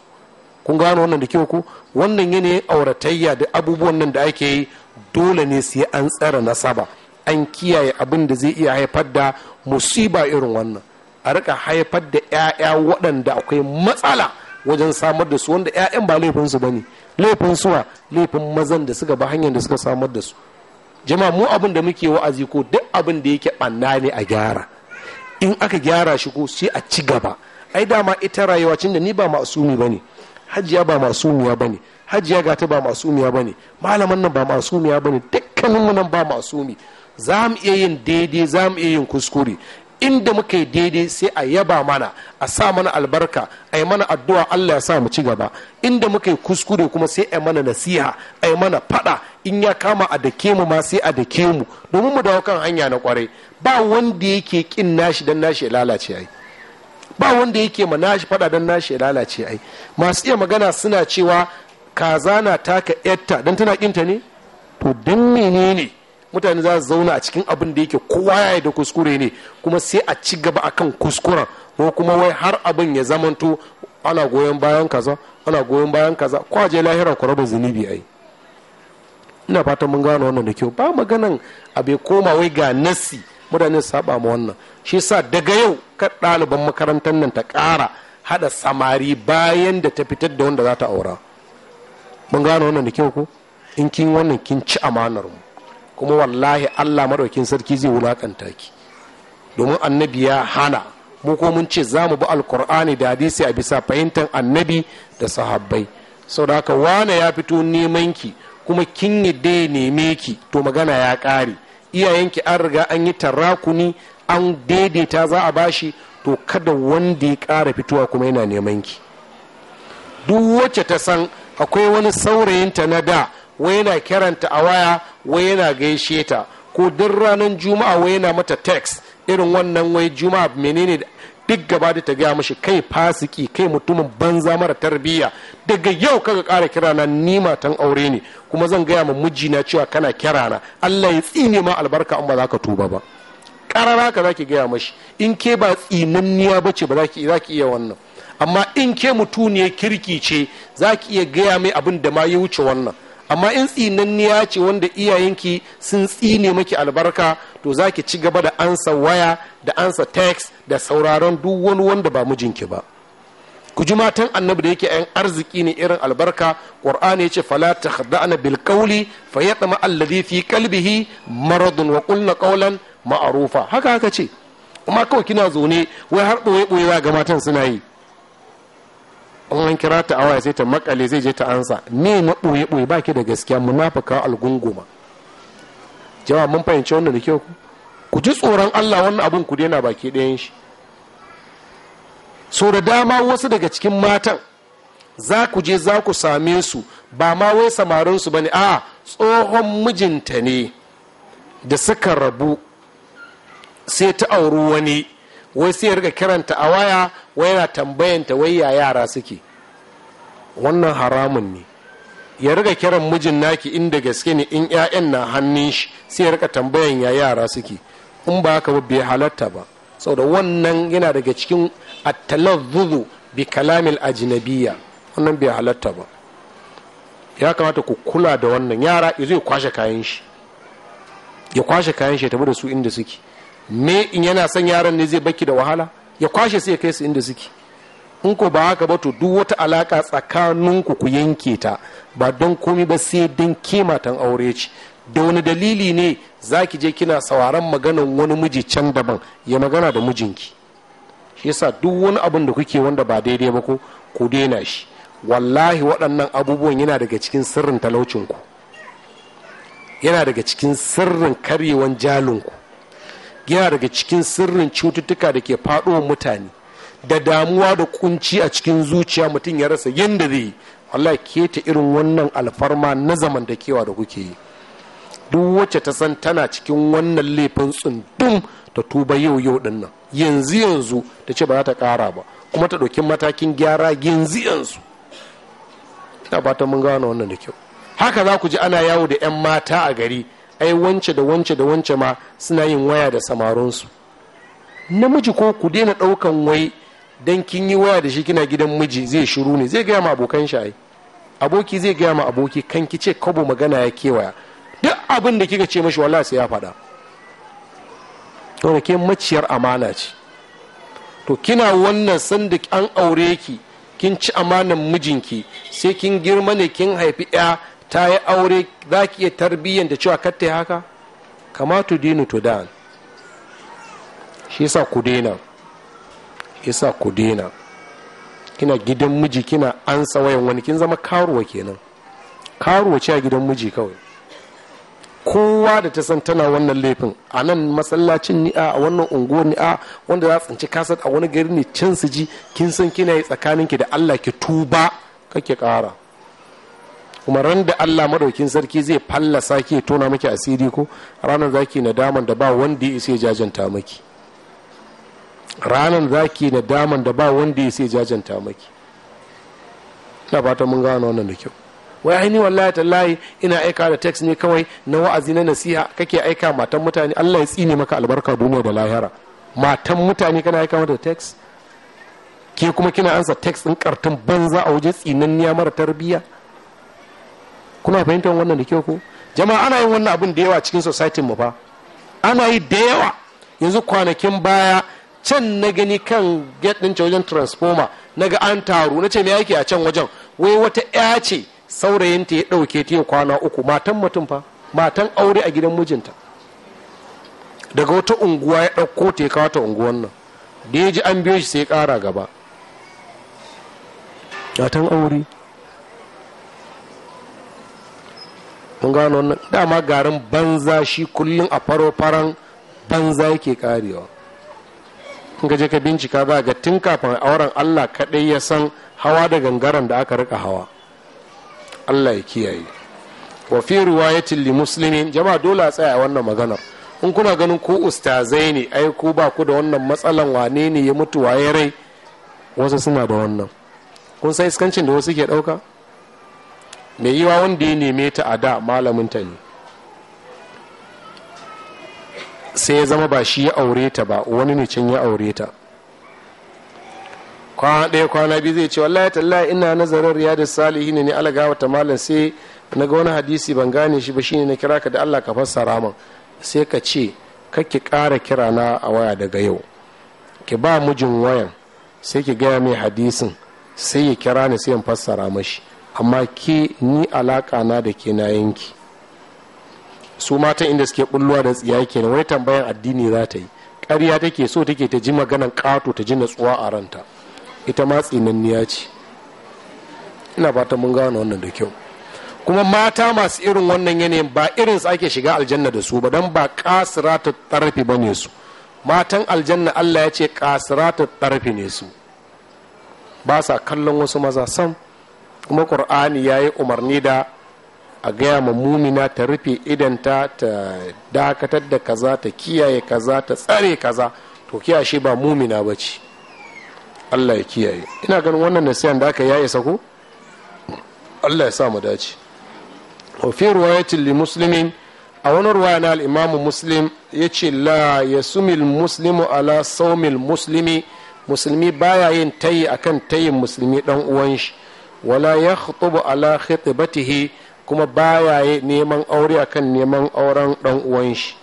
kun gano wannan da kyau ku wannan yanayin auratayya da abubuwan nan da ake yi dole ne sai an tsara nasaba an kiyaye abin da zai iya haifar da musiba irin wannan a rika haifar da 'ya'ya waɗanda akwai matsala wajen samar da su wanda 'ya'yan ba laifinsu ba ne laifin suwa laifin mazan da suka ba hanyar da suka samar da su jama'a mu abin da muke wa'azi ko duk abin da yake ɓanna ne a gyara in aka gyara shi ko sai a ci gaba ai dama ita rayuwa cin da ni ba masumi ba ne hajiya ba masumiya ba ne hajiya gata ba masumiya ba ne malaman nan ba masumiya ba ne dukkaninmu nan ba masumi za mu iya yin daidai za mu iya yin kuskure inda muka yi daidai sai a yaba mana a sa mana albarka a yi mana addu'a Allah ya sa mu ci gaba inda muka yi kuskure kuma sai a yi mana nasiha a yi mana fada in ya kama a dake mu ma sai a dake mu domin mu dawo kan hanya na kwarai ba wanda yake kin nashi dan nashi ya lalace ai ba wanda yake ma nashi fada dan nashi ya lalace ai masu iya magana suna cewa kaza na taka yatta dan tana kinta ne to dan menene mutane za su zauna a cikin abin da yake kowa ya da kuskure ne kuma sai a ci gaba akan kuskuren ko kuma wai har abin ya zamanto ana goyon bayan kaza ana goyon bayan kaza ko je lahira ku raba zunubi ai ina fatan mun gano wannan da kyau ba maganan abe koma wai ga nasi mutane saba ma wannan shi sa daga yau kar ɗaliban makarantar nan ta ƙara haɗa samari bayan da ta fitar da wanda za ta aura mun gano wannan da kyau ko in kin wannan kin ci amanar mu kuma wallahi allah maɗaukin sarki zai wulaƙanta ki domin annabi ya hana mu ko mun ce za mu bi alkur'ani da hadisi a bisa fahimtar annabi da sahabbai sau da haka wane ya fito neman ki kuma kin yi ya neme ki to magana ya ƙare iyayenki an riga an yi tarakuni an daidaita za a bashi to kada wanda ya ƙara fitowa kuma yana neman ki duk wacce ta san akwai wani saurayinta na da wai yana kiranta a waya wai yana gaishe ta ko duk ranar juma'a wai yana mata text irin wannan wai juma'a menene duk gaba da ta gaya mashi kai fasiki kai mutumin banza mara tarbiyya daga yau kaga kara kira na ni matan aure ne kuma zan gaya ma mijina cewa kana kira na Allah ya tsine ma albarka in ba za ka tuba ba karara ka za gaya mashi in ke ba tsinanniya ba ce ba za ki iya wannan amma in ke mutuniyar kirki ce za ki iya gaya mai abin da ma ya wuce wannan amma in tsinanniya ce wanda iyayenki sun tsine maki albarka to za ki ci gaba da ansa waya da ansa text da sauraron duk wani wanda ba mijinki ba ku ji matan annabi da yake yan arziki ne irin albarka qur'ani yace fala takhda'na bil qawli fayatma alladhi fi qalbihi maradun wa qulna qawlan ma'rufa haka haka ce amma kawai kina zaune wai har boye boye ga matan suna yi in an kira ta awaya sai ta makale zai je ta ansa me na ɓoye ɓoye ba ke da gaskiya munafuka algunguma jama mun fahimci wannan da kyau ku ji tsoron allah wannan abun ku daina baki ɗayan shi so da dama wasu daga cikin matan za ku je za ku same su ba ma wai samarin su ba ne a tsohon mijinta ne da suka rabu sai ta auri wani wai sai rika kiranta a waya wai yana ta wai ya yara suke wannan haramun ne ya rika kiran mijin naki inda gaske ne in 'ya'yan na hannun shi sai ya rika tambayan ya yara suke in ba haka ba bai halatta ba saboda wannan yana daga cikin at-talazzuzu bi kalamil ajnabiyya wannan bai halatta ba ya kamata ku kula da wannan yara ya ya kwashe kayan shi ya kwashe kayan shi ya tafi da su inda suke me in yana son yaran ne zai baki da wahala ya kwashe su ya kai su inda suke in ko ba haka ba to duk wata alaka tsakaninku ku yanke ta ba don komi ba sai don kimatan aure ce da wani dalili ne za ki je kina sauraron maganan wani miji can daban ya magana da mijinki shi yasa duk wani abin da kuke wanda ba daidai ba ko ku daina shi wallahi waɗannan abubuwan yana daga cikin sirrin talaucinku yana daga cikin sirrin karyewan jalinku yana daga cikin sirrin cututtuka da ke faɗowa mutane da damuwa da kunci a cikin zuciya mutum ya rasa yadda zai yi. Allah keta irin wannan alfarma na zamantakewa da kuke yi duk wacce ta san tana cikin wannan laifin tsundum ta tuba yau yau din yanzu yanzu ta ce ba za ta kara ba kuma ta ɗauki matakin gyara yanzu yanzu ina ba ta mun gane wannan da kyau haka za ku ji ana yawo da 'yan mata a gari ai wance da wance da wance ma suna yin waya da samarinsu namiji ko ku daina ɗaukan wai dan kin yi waya da shi kina gidan miji zai shiru ne zai gaya ma abokan shi ai aboki zai gaya ma aboki kan ki ce kabo magana ya kewaya duk abin da kika ce mashi wallahi sai ya faɗa to ke maciyar amana ce to kina wannan sanda an aure ki kin ci amanan mijinki sai kin girma ne kin haifi ya ta yi aure za ki iya tarbiyyar da cewa kar ta yi haka kamatu dinu to da shi yasa ku shi yasa ku daina kina gidan miji kina ansa wayan wani kin zama karuwa kenan karuwa ce a gidan miji kawai kowa da ta san tana wannan laifin a nan masallacin ni'a a wannan unguwar ni'a wanda za tsinci kasar a wani gari ne can su ji kin san kina yi tsakaninki da allah ki tuba kake kara kuma ran da Allah madaukin sarki zai fallasa sake tona miki asiri ko ranar zaki na daman da ba wanda ya isa jajanta miki ranar zaki na daman da ba wanda ya isa jajanta miki Ina fata mun gano wannan da kyau wai aini wallahi tallahi ina aika da text ne kawai na wa'azi na nasiha kake aika matan mutane Allah ya tsine maka albarka duniya da lahira matan mutane kana aika mata text ke kuma kina ansa text din kartun banza a wajen tsinanniya mara tarbiyya kuna fahimtar wannan da kyau ko jama'a ana yin wannan abin da yawa cikin society mu fa ana yi da yawa yanzu kwanakin baya can na gani kan gate din wajen transformer na ga an taru na ce me yake a can wajen wai wata ya ce saurayinta ya ɗauke ta kwana uku matan mutum fa matan aure a gidan mijinta daga wata unguwa ya ɗauko ta ya kawo ta unguwan nan da ya ji an biyo shi sai ya kara gaba matan aure kun gano wannan dama garin banza shi kullum a faro-faran banza yake karewa in ka je ka bincika ba ga tun kafin auren allah kaɗai ya san hawa da gangaren da aka rika hawa allah ya kiyaye wa fi riwayatin li muslimin jama'a dole a tsaya wannan maganar in kuna ganin ko ustazai ne ai ko ba ku da wannan matsalan wane ne ya mutu waye rai wasu suna da wannan kun san iskancin da wasu ke ɗauka mai yiwa wanda ya neme ta a da malaminta ne sai ya zama ba shi ya aure ta ba wani ne can ya aure ta kwana ɗaya kwana biyu zai ce wallahi tallahi ina nazarin da salihi ne alagawa ta malam sai na ga wani hadisi ban gane shi ba shine na kira ka da Allah ka fassara min sai ka ce ki kara kira na a waya daga yau ki ba mijin wayan sai ki gaya mai hadisin sai ya kira ni sai in fassara mashi amma ke ni alaƙa na da ke na yanki su mata inda suke bulluwa da tsiya kenan wai tambayan addini za ta yi ƙarya take so take ta ji maganan ƙato ta ji natsuwa a ranta ita ma tsinanniya ce ina fata mun gano wannan da kyau kuma mata masu irin wannan yanayin ba irin sake ake shiga aljanna da su ba don ba kasira ta tarfi ba ne su matan aljanna allah ya ce kasira ta tarfi ne su ba sa kallon wasu maza sam kuma ƙur'ani ya yi umarni da a gaya ma mumina ta rufe idanta ta dakatar da kaza ta kiyaye kaza ta tsare kaza to kiyashe ba mumina ba ce allah ya kiyaye ina ganin wannan nasiyan da aka yaye sako allah ya sa mu dace wa fi riwayatin li muslimin a wani ruwaya na al'imamu muslim ya ce la ya sumil muslimu ala saumil muslimi musulmi baya yin tayi akan tayin musulmi dan uwan shi wala ya khutubu ala khitbatihi kuma baya neman aure akan neman auren dan uwan shi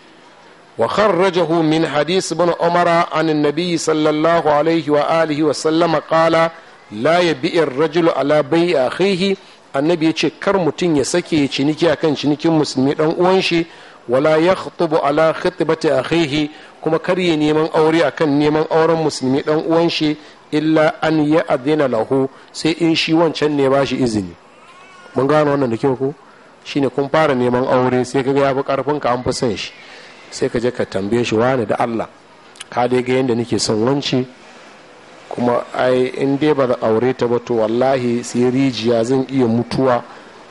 wa kharrajahu min hadith ibn umara an annabi sallallahu alaihi wa alihi wa sallama qala la yabi'u ar-rajulu ala bai'i akhihi annabi yace kar mutum ya sake ciniki akan cinikin musulmi dan uwan shi wala ya khutubu ala khitbati akhihi kuma kar ya neman aure akan neman auren musulmi dan uwan shi illa an yi adina lahu sai in shi wancan ne ba shi izini mun gano wannan da kyau ko shine kun fara neman aure sai kaga ya fi karfin ka an fi son shi sai ka je ka tambaye shi wani da Allah ka dai ga yadda nake son wanci kuma ai in dai ba da aure ta ba to wallahi sai rijiya zan iya mutuwa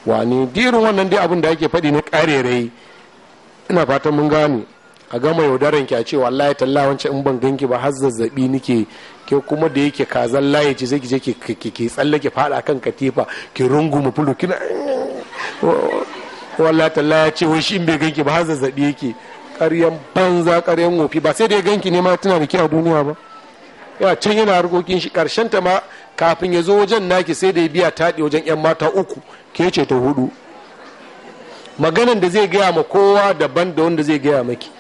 wani dirin wannan dai abin da ake faɗi na ƙarerai ina fatan mun gane a gama yaudaran ki a ce wallahi talla wancan in ban ganki ba har zazzabi nake ke kuma da yake kazan laye ce sai je tsalle ke fada kan katifa ki rungume fulu kina wallahi talla ya ce wani shi in bai ganki ba har zazzabi yake Karyan banza karyan wofi ba sai da ya ganki ne ma tana da ke a duniya ba ya can yana harkokin shi karshen ta ma kafin ya zo wajen naki sai da ya biya taɗi wajen yan mata uku ke ce ta hudu maganan da zai gaya ma kowa daban da wanda zai gaya maki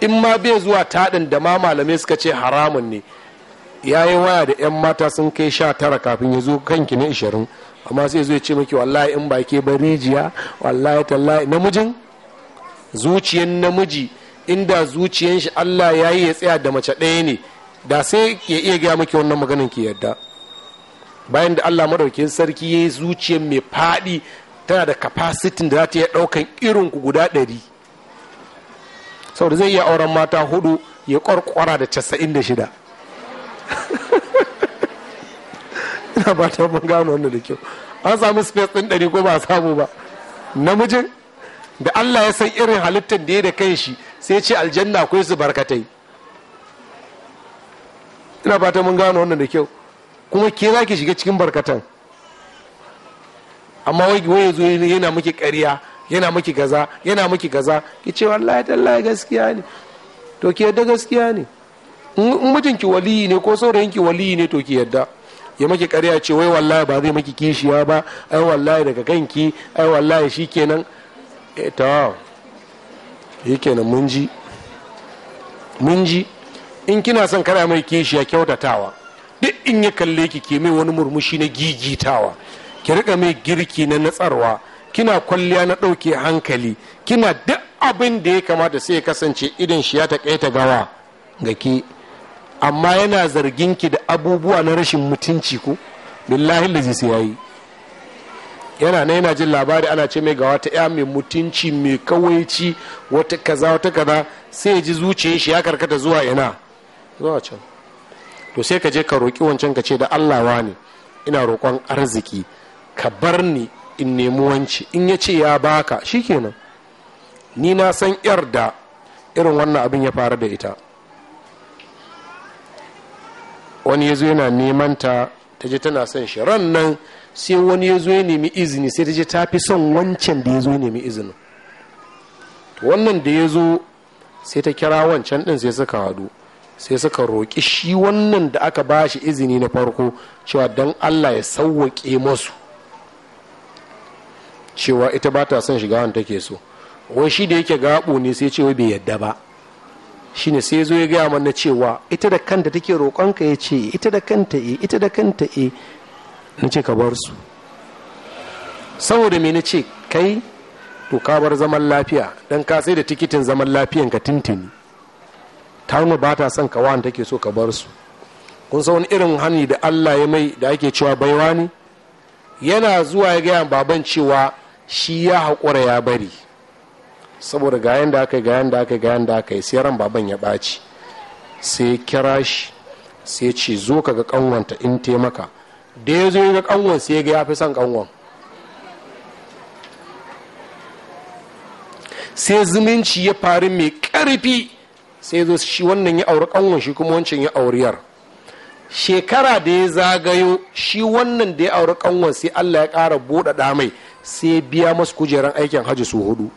in ma bai zuwa taɗin da ma malamai suka ce haramun ne ya yi waya da 'yan mata sun kai sha tara kafin ya zo kanki na ishirin amma sai ya ce maki wallahi in ba ke bari jiya wallahi tallahi namijin zuciyan namiji inda zuciyar shi Allah ya yi ya tsaya da mace ɗaya ne da sai ya iya gaya maki wannan maganin ki yadda bayan da Allah madaukin sarki ya yi zuciyan mai faɗi tana da kafasitin da za ta iya ɗaukan irin ku guda ɗari saboda zai iya auren mata hudu ya ƙwarƙwara da casa'in da shida ina ba ta mun gano wannan da kyau an samu space ɗin ɗari ko ba a samu ba namijin da Allah ya san irin halittar da ya da kan shi sai ce aljanna akwai su barkatai ina ba ta mun gano wannan da kyau kuma ke za ki shiga cikin barkatan amma wai wai zo yana miki ƙarya yana miki gaza yana miki gaza ki ce wallahi tallahi gaskiya ne to ke da gaskiya ne in mijinki waliyi ne ko saurayinki waliyi ne to ki yadda ya maki karya ce wai wallahi ba zai maki kishiya ba ai wallahi daga kanki ai wallahi shikenan e eh, ta shikenan mun ji mun in kina son kara mai kishiya kyautatawa duk in ya kalle ki ke mai wani murmushi na gigitawa ki rika mai girki na natsarwa kina kwalliya na ɗauke hankali kina duk abin da ya kamata sai ya kasance idan shi ya taƙaita gawa ga ki amma yana zargin ki da abubuwa na rashin mutunci ko billahi lazi sai yayi yana na yana jin labari ana ce mai ga wata ya mai mutunci mai kawaici wata kaza wata kaza sai ji zuciyar shi ya karkata zuwa ina zuwa can to sai ka je ka roƙi wancan ka ce da Allah ne ina roƙon arziki ka bar ni in nemi wanci in ya ce ya baka shikenan ni na san yarda irin wannan abin ya fara da ita wani ya zo yana neman ta ta je tana son shi ran nan sai wani ya zo ya nemi izini sai ta je ta fi son wancan da ya zo ya nemi izinin wannan da ya zo sai ta kira wancan din sai suka haɗu sai suka roƙi shi wannan da aka ba shi izini na farko cewa don allah ya sauwaƙe masu cewa ita ba ta son shiga wanda take so wai shi da yake gaɓo ne sai cewa bai yadda ba shine sai zo ya gaya mana cewa ita da kanta take roƙonka ya ce ita da kanta e ita da kanta e na ce ka bar su saboda me na ce kai to ka bar zaman lafiya dan ka sai da tikitin zaman lafiyan ka tintini ta ba ta son kawan take so ka bar su kun san wani irin hani da Allah ya mai da ake cewa baiwa ne yana zuwa ya gaya baban cewa shi ya haƙura ya bari saboda ga yanda aka yi ga yanda aka yi ga yanda aka yi sai ran baban ya ɓaci sai kira shi sai ce zo ka ga kanwanta in taimaka da ya zo ga kanwan sai ga ya fi son kanwan sai zumunci ya faru mai ƙarfi sai zo shi wannan ya auri kanwan shi kuma wancan ya auriyar shekara da ya zagayo shi wannan da ya auri kanwan sai allah ya ƙara buɗaɗa mai sai biya masu kujerar aikin hajji su hudu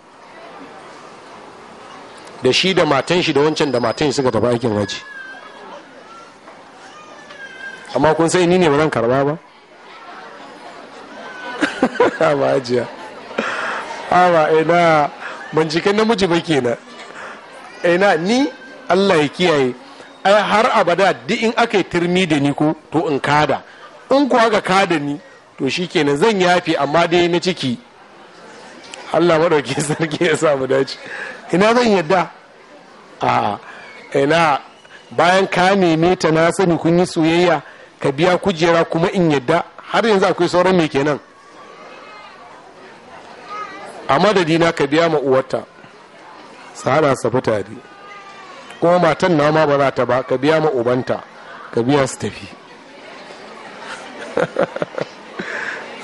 da shi da matan shi da wancan da matan shi suka tafi aikin haji amma kun sai ni ne ba zan karba ba ba ajiya awa ina binciken namiji ba kenan ina ni allah ya kiyaye ai har abada duk in aka yi turmi da ni ko to in kada in kuwa ga kada ni to shi kenan zan yafi amma dai na ciki allah maɗauki sarki ya samu dace ina zan yadda a ina bayan ka neme ta na sani kun yi soyayya ka biya kujera kuma in yadda har yanzu akwai sauran mai kenan a madadina ka biya ma uwarta sana su tare kuma matan na ma ba za ta ba ka biya ma ubanta ka biya su tafi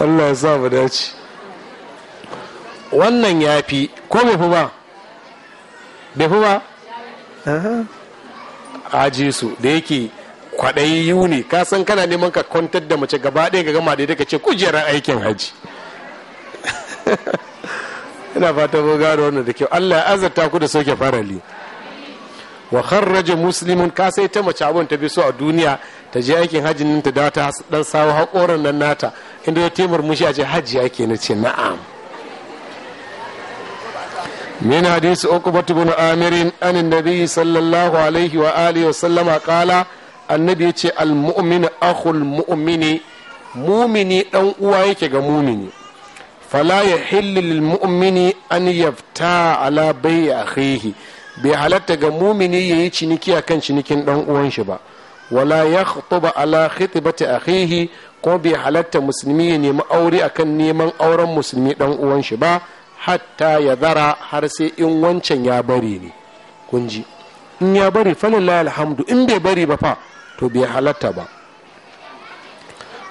Allah ya sa mu dace wannan ya fi ko mai fi ba bai fi ba aji su da yake kwaɗayi yiwu ne ka san kana neman ka kwantar da mace gaba ɗaya ga gama da ita ka ce kujerar aikin haji ina fata mun gano wannan da kyau Allah ya azarta ku da soke farali wa kharraja muslimun ka sai ta mace abun ta bi so a duniya ta je aikin nan ta dawo ta dan sawo hakoran nan nata inda ya taimar mushi a ce hajji yake na ce na'am من حديث عقبة بن عامر أن النبي صلى الله عليه وآله وسلم قال النبي المؤمن أخو المؤمن mumini ɗan uwa yake ga mumini fala ya lil mu'mini an yafta ala bai akhihi bai halatta ga mumini ya yi ciniki a kan cinikin ɗan uwanshi ba wala ya ba ala khitbati akhihi ko bai halarta musulmi ya nemi aure akan neman auren musulmi ɗan uwan shi ba hatta ya zara har sai in wancan ya bari ne kunji in ya bari falillahi alhamdu in bai bari ba fa to bai halatta ba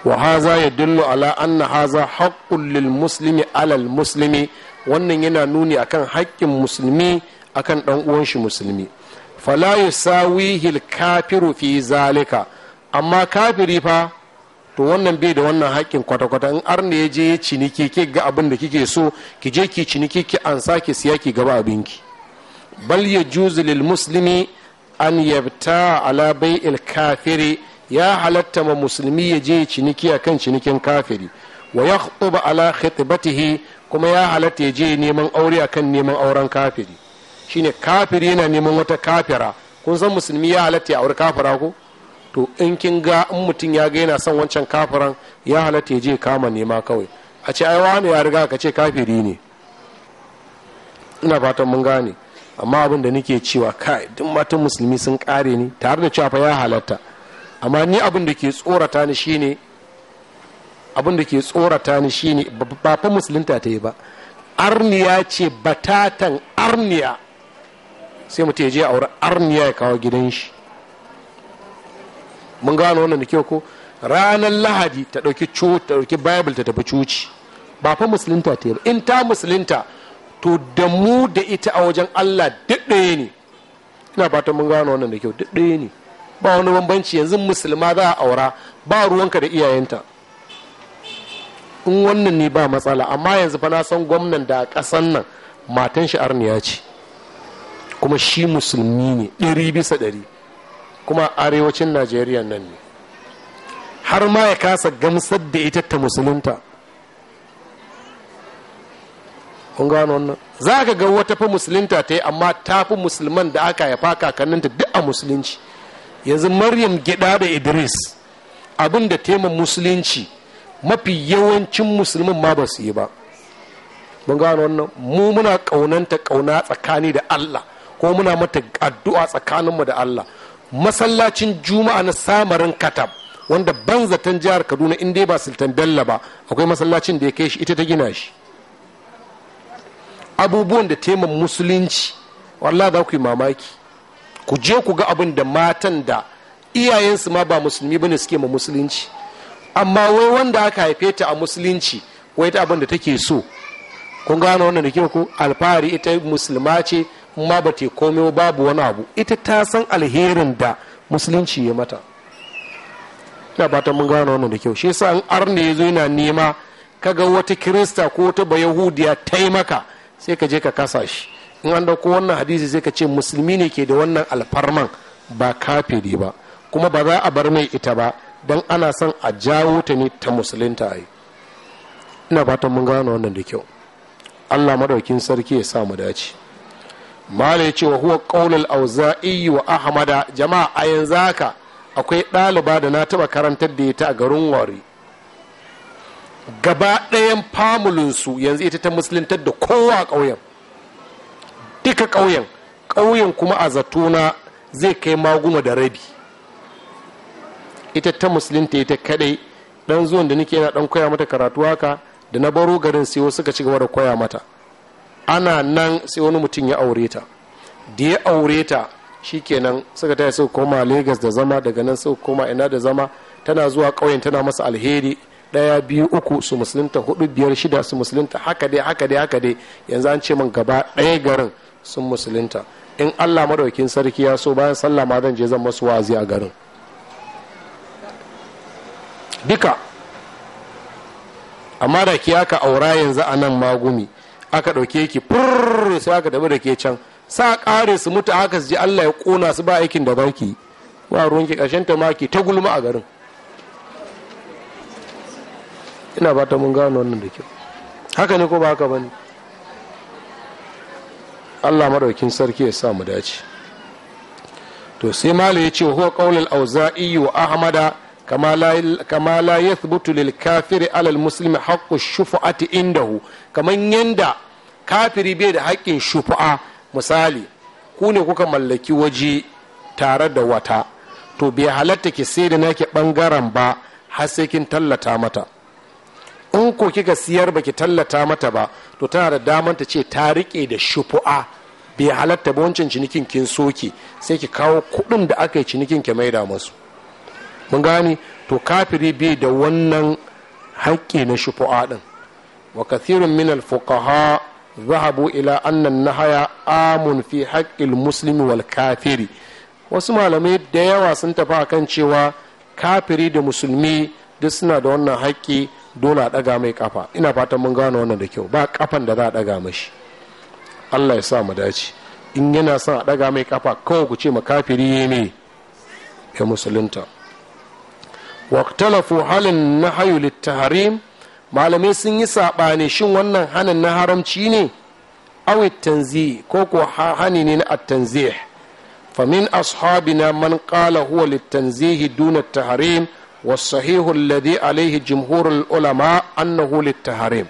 wa haza ya dillu ala anna haza haƙƙun lil muslimi alal muslimi wannan yana nuni akan haƙƙin musulmi akan ɗan uwan shi musulmi fala yusawihi al kafiru fi zalika amma kafiri fa to wannan bai da wannan haƙƙin kwata-kwata in ar ne je ya ciniki ke ga abin da kike so ki je ki ciniki ki ansa ki siya ki gaba abinki bal ya juzu lil muslimi an yabta ala bai'il kafiri ya halatta ma musulmi ya je ciniki akan cinikin kafiri wa ya ala khitbatihi kuma ya halatta ya je neman aure akan neman auren kafiri shine kafiri yana neman wata kafira kun san musulmi ya halatta ya auri kafira ko to in kin ga in mutum ya ga yana son wancan kafiran ya halatta ya je kama nema kawai a ce ai wani ya riga ka ce kafiri ne ina fatan mun gane amma abin da nake cewa kai duk matan musulmi sun kare ni tare da cewa fa ya halatta amma ni abin da ke tsorata ni shine abin da ke tsorata ni shine ba fa musulunta ta yi ba arniya ce batatan arniya sai mutum ya je a wurin arniya ya kawo gidan shi mun gano wannan da kyau ko ranar lahadi ta ɗauki ta dauki bible ta tafi coci ba fa musulunta ta yi in ta musulunta to da mu da ita a wajen allah duk ɗaya ne ina fatan mun gano wannan da kyau duk ne ba wani bambanci yanzu musulma za a aura ba ruwanka da iyayenta in wannan ne ba matsala amma yanzu fa na san gwamnan da a ƙasan nan matan shi arniya ce kuma shi musulmi ne ɗari bisa ɗari kuma arewacin najeriya nan ne har ma ya kasa gamsar da ita ta musulunta kun gano wannan za ka ga wata fa musulunta ta yi amma ta fi musulman da aka haifa kakanninta duk a musulunci yanzu maryam gida da idris abin da tema musulunci mafi yawancin musulman ma ba su yi ba mun gano wannan mu muna kaunanta kauna tsakani da allah ko muna mata addu'a tsakaninmu da allah masallacin juma'a na samarin katab wanda banzatan jihar kaduna in dai ba sultan bello ba akwai masallacin da ya kai shi ita ta gina shi abubuwan da teman musulunci wallah za ku yi mamaki ku je ku ga abin da matan da iyayensu ma ba musulmi bane suke ma musulunci amma wai wanda aka haife ta a musulunci wai ta abin da take so kun gane wannan da ke ku alfahari ita musulma ce ma ba ta komai babu wani abu ita ta san alherin da musulunci ya mata ina fatan mun gano wannan da kyau shi yasa an arne yazo yana nema kaga wata kirista ko wata bayahudiya taimaka sai ka je ka kasa shi in an dauko wannan hadisi sai ka ce musulmi ne ke da wannan alfarman ba kafiri ba kuma ba za a bar mai ita ba don ana son a jawo ta ne ta musulunta a yi ina fatan mun gano wannan da kyau allah madaukin sarki ya sa mu dace mala ya ce wa huwa qaulul auza'i wa ahmada jama'a a yanzu haka akwai ɗaliba da na taɓa karantar da ita a garin wari gaba ɗayan famulinsu yanzu ita ta musulintar da kowa a ƙauyen duka ƙauyen ƙauyen kuma a zatona zai kai maguma da rabi ita ta musulunta ita kadai ɗan zuwan da nake yana ɗan koya mata karatu haka da na baro garin sai wasu suka ci gaba da koya mata ana nan sai wani mutum ya aure ta da ya aure ta shikenan suka taya suka koma lagos da zama daga nan suka koma ina da zama tana zuwa ƙauyen tana masa alheri daya biyu uku su musulunta hudu biyar shida su musulunta haka dai haka dai haka dai yanzu an ce min gaba ɗaya garin sun musulunta in allah madaukin sarki ya so bayan sallah ma zan je zan masu wazi a garin duka amma da ki aka aura yanzu a nan magumi aka ɗauke ki furr sai aka tafi da ke can sa ƙare su mutu haka su ji allah ya ƙona su ba aikin da baki ba ki ƙarshen ta maki ta gulma a garin ina ba ta mun gano wannan da kyau haka ne ko ba haka bane allah madaukin sarki ya sa mu dace to sai malai ya ce huwa qaulul auza'i wa ahmada kama la yathbutu lil kafiri alal muslimi haqqu inda indahu kaman yadda kafiri bai da haƙƙin shufa'a misali ku ne kuka mallaki waje tare da wata to bai halatta ki sai da nake ɓangaren ba har sai kin tallata mata in ko kika siyar ba ki tallata mata ba to tana da damar ta ce ta riƙe da shufu'a bai halatta ba wancan cinikin kin soke sai ki kawo kuɗin da aka yi cinikin ki maida masu mun gane to kafiri bai da wannan haƙƙi na shufu'a ɗin wa kathirun min al-fuqaha zahabu ila annan nahaya amun fi haƙƙil muslimi wal kafiri wasu malamai da yawa sun tafi kan cewa kafiri da musulmi duk suna da wannan haƙƙi dole a ɗaga mai ƙafa ina fatan mun gane wannan da kyau ba kafan da za a ɗaga mashi allah ya sa mu dace in yana son a ɗaga mai kafa kawai ku ce ma kafiri ne ya musulunta waktalafu halin na hayu harim malamai sun yi saɓani shin wannan hanin na haramci ne awi tanzi ko ko hani ne na attanzi tanzih famin ashabina man qala huwa litanzihi duna tahrim والصحيح الذي عليه جمهور العلماء أنه للتحريم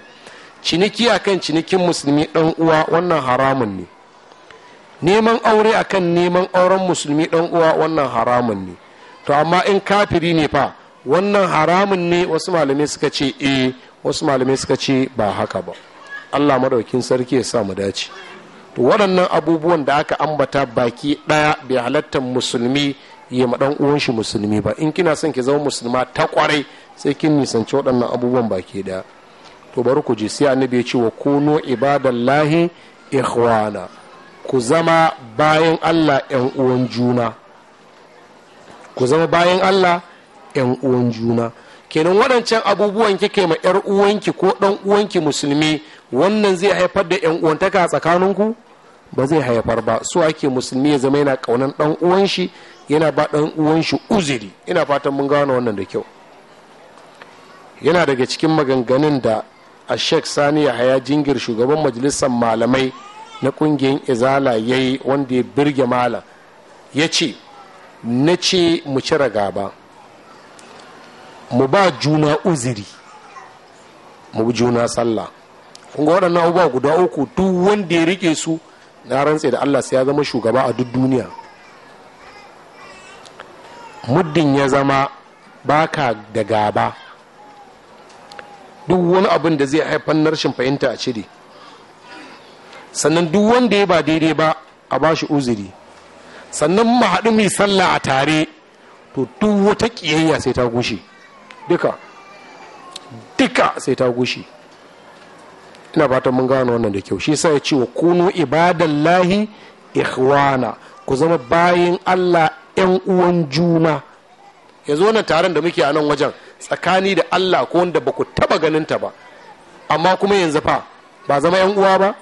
ciniki akan cinikin musulmi ɗan uwa wannan haramun ne neman aure akan neman auren musulmi ɗan uwa wannan haramun ne to amma in kafiri ne fa wannan haramun ne wasu malamai suka ce e wasu malamai suka ce ba haka ba allah madaukin sarki ya sa mu dace to waɗannan abubuwan da aka ambata baki ɗaya bai halatta musulmi ya ma ɗan uwan shi musulmi ba in kina son ki zama musulma ta kwarai sai kin nisanci waɗannan abubuwan baki ɗaya to bari ku je sai annabi ya ce wa kunu ibadallahi ikhwana ku zama bayan Allah ƴan uwan juna ku zama bayan Allah 'yan uwan juna kenan waɗancan abubuwan kike ma 'yar uwanki ko ɗan uwanki musulmi wannan zai haifar da 'yan uwantaka tsakaninku ba zai haifar ba so ake musulmi ya zama yana ƙaunan ɗan uwan shi yana ba ɗan uwan shi uzuri ina fatan mun gano wannan da kyau yana daga cikin maganganun da a sheikh sani yahaya jingir shugaban majalisar malamai na ƙungiyar izala ya yi wanda ya birge malam ya ce na ce mu cire gaba mu ba juna uziri mu juna sallah kun ga waɗannan abubuwa guda uku duk wanda ya rike su na rantse da Allah sai ya zama shugaba a duk duniya muddin ya zama baka da gaba duk wani abin da zai haifar na fahimta a cire sannan duk wanda ya ba daidai ba a ba shi uzuri sannan mu haɗu mai sallah a tare to duk wata ƙiyayya sai ta gushe duka duka sai ta gushi ina ta mun gano wannan da kyau shi sa ya ce wa kunu ibadallahi ikhwana ku zama bayin Allah yan uwan juna yanzu wannan taron da muke a nan wajen tsakani da Allah ko wanda ba ku taba ganin ta ba amma kuma yanzu fa ba zama yan uwa ba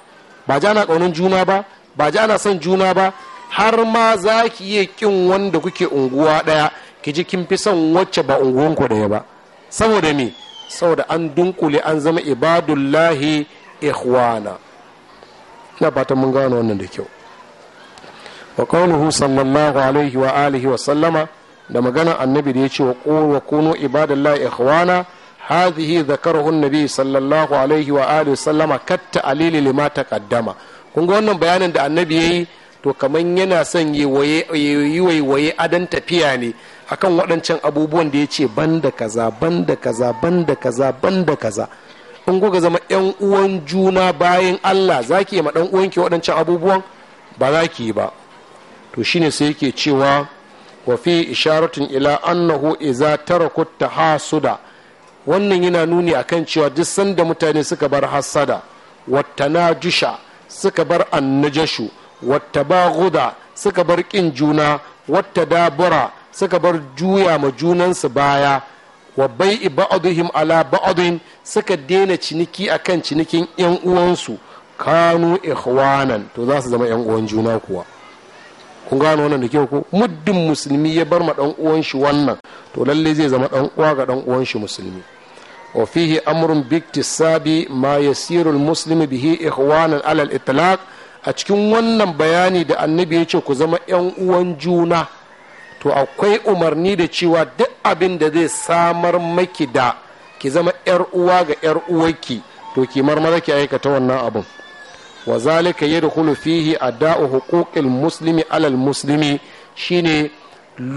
ba ja na kaunin juna ba ba ja na son juna ba har ma za ki iya kin wanda kuke unguwa ɗaya ki ji kin fi son wacce ba unguwanku daya ba saboda me saboda an dunkule an zama ibadullahi ikhwana na fata mun gano wannan da kyau wa qawluhu sallallahu alaihi wa alihi wa sallama da magana annabi da ya ce wa kunu ibadallahi ikhwana hadhihi dhakarahu annabi sallallahu alaihi wa alihi wa sallama katta alili lima taqaddama kun ga wannan bayanin da annabi yayi to kamar yana son yi waiwaye adon tafiya ne akan waɗancan abubuwan da ya ce ban da kaza ban da kaza ban da kaza ban da kaza in ga zama yan uwan juna bayan allah za ki yi ma ɗan uwanki waɗancan abubuwan ba za ki yi ba to shine sai yake cewa wa fi isharatun ila annahu iza taraku tahasuda wannan yana nuni akan cewa duk sanda mutane suka bar hassada wattanajusha suka bar annajashu wata guda suka bar ƙin juna wata dabura suka bar juya ma junansu baya wa bai ba'aduhim ala ba'adun suka daina ciniki akan cinikin yan uwansu kanu ikhwanan to za su zama yan uwan juna kuwa kun gano wannan da kyau ko muddin musulmi ya bar ma dan uwan shi wannan to lalle zai zama dan uwa ga dan uwan shi musulmi wa fihi amrun biktisabi ma yasirul almuslimu bihi ikhwanan ala al-itlaq a cikin wannan bayani da annabi ya ce ku zama 'yan uwan juna to akwai umarni da cewa duk abin da zai samar maki da ki zama 'yar uwa ga 'yar uwarki to ki marmara ki aikata wannan abin wa zalika yadkhulu fihi ada'u huquqil muslimi alal muslimi shine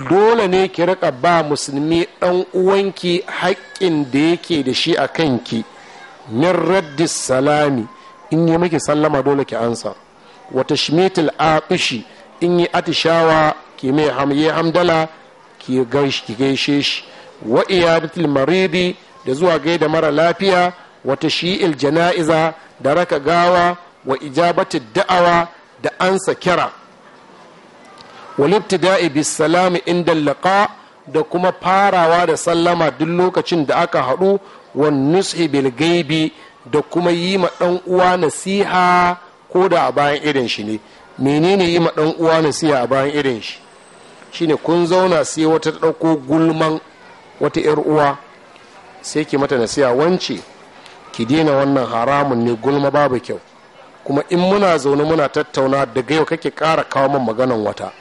dole ne ki rika ba musulmi dan uwanki haƙƙin da yake da shi a kanki min raddi salami in yi miki sallama dole ki ansa Wata wa a atishi in yi atishawa ki mai hamye hamdala ki gaishe shi wa iyadatul maridi da zuwa gaida mara lafiya wata shi'il jana'iza da raka gawa wa Ijabatid da'awa da ansa kira wa libtida'i bis salami inda liqa da kuma farawa da sallama duk lokacin da aka haɗu wa nushi bil gaibi da kuma yi ma ɗan uwa nasiha ko da a bayan irin shi ne menene yi ma ɗan uwa nasiha a bayan irin shi shine kun zauna sai wata ɗauko gulman wata yar uwa sai ki mata nasiha wance ki daina wannan haramun ne gulma babu kyau kuma in muna zaune muna tattauna daga yau kake kara kawo min maganan wata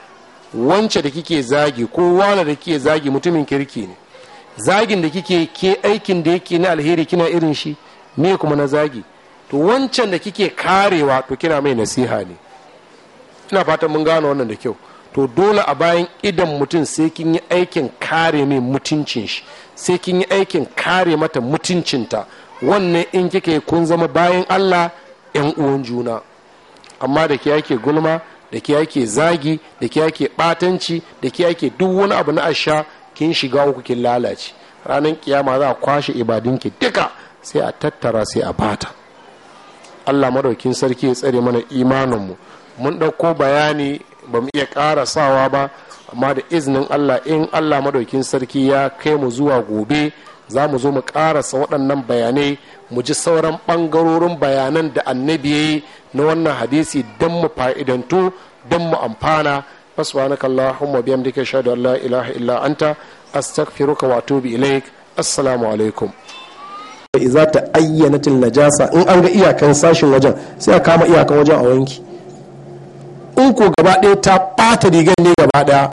wance da kike zagi ko wane da kike zagi mutumin kirki ne zagin da kike ke aikin da yake na alheri kina irin shi me kuma na zagi to wancan da kike karewa to kina mai nasiha ne ina fatan mun gane wannan da kyau to dole a bayan idan mutum sai kin yi aikin kare mai mutuncin shi sai kin yi aikin kare mata mutuncinta wannan in kike kun zama bayan allah yan uwan juna amma da ke yake gulma da ke yake zagi da ke yake batanci da ke yake duk wani abu na asha kin shiga uku kin lalace ranar kiyama za a kwashe ibadinki duka sai a tattara sai a bata allah madaukin sarki ya tsare mana imaninmu mun ɗauko bayani ba mu iya ƙarasawa ba amma da izinin allah in allah madaukin sarki ya kai mu zuwa gobe za mu zo mu ƙarasa waɗannan bayanai mu ji sauran ɓangarorin bayanan da annabi ya yi na wannan hadisi don mu fa'idantu don mu amfana فسبحانك اللهم وبحمدك اشهد ان ilaha illa anta astaghfiruka wa atubu ilaik assalamu alaikum iza ta ayyana najasa in an ga iyakan sashin wajen sai a kama iyakan wajen a wanki in ko gaba ɗaya ta ɓata rigar ne gaba ɗaya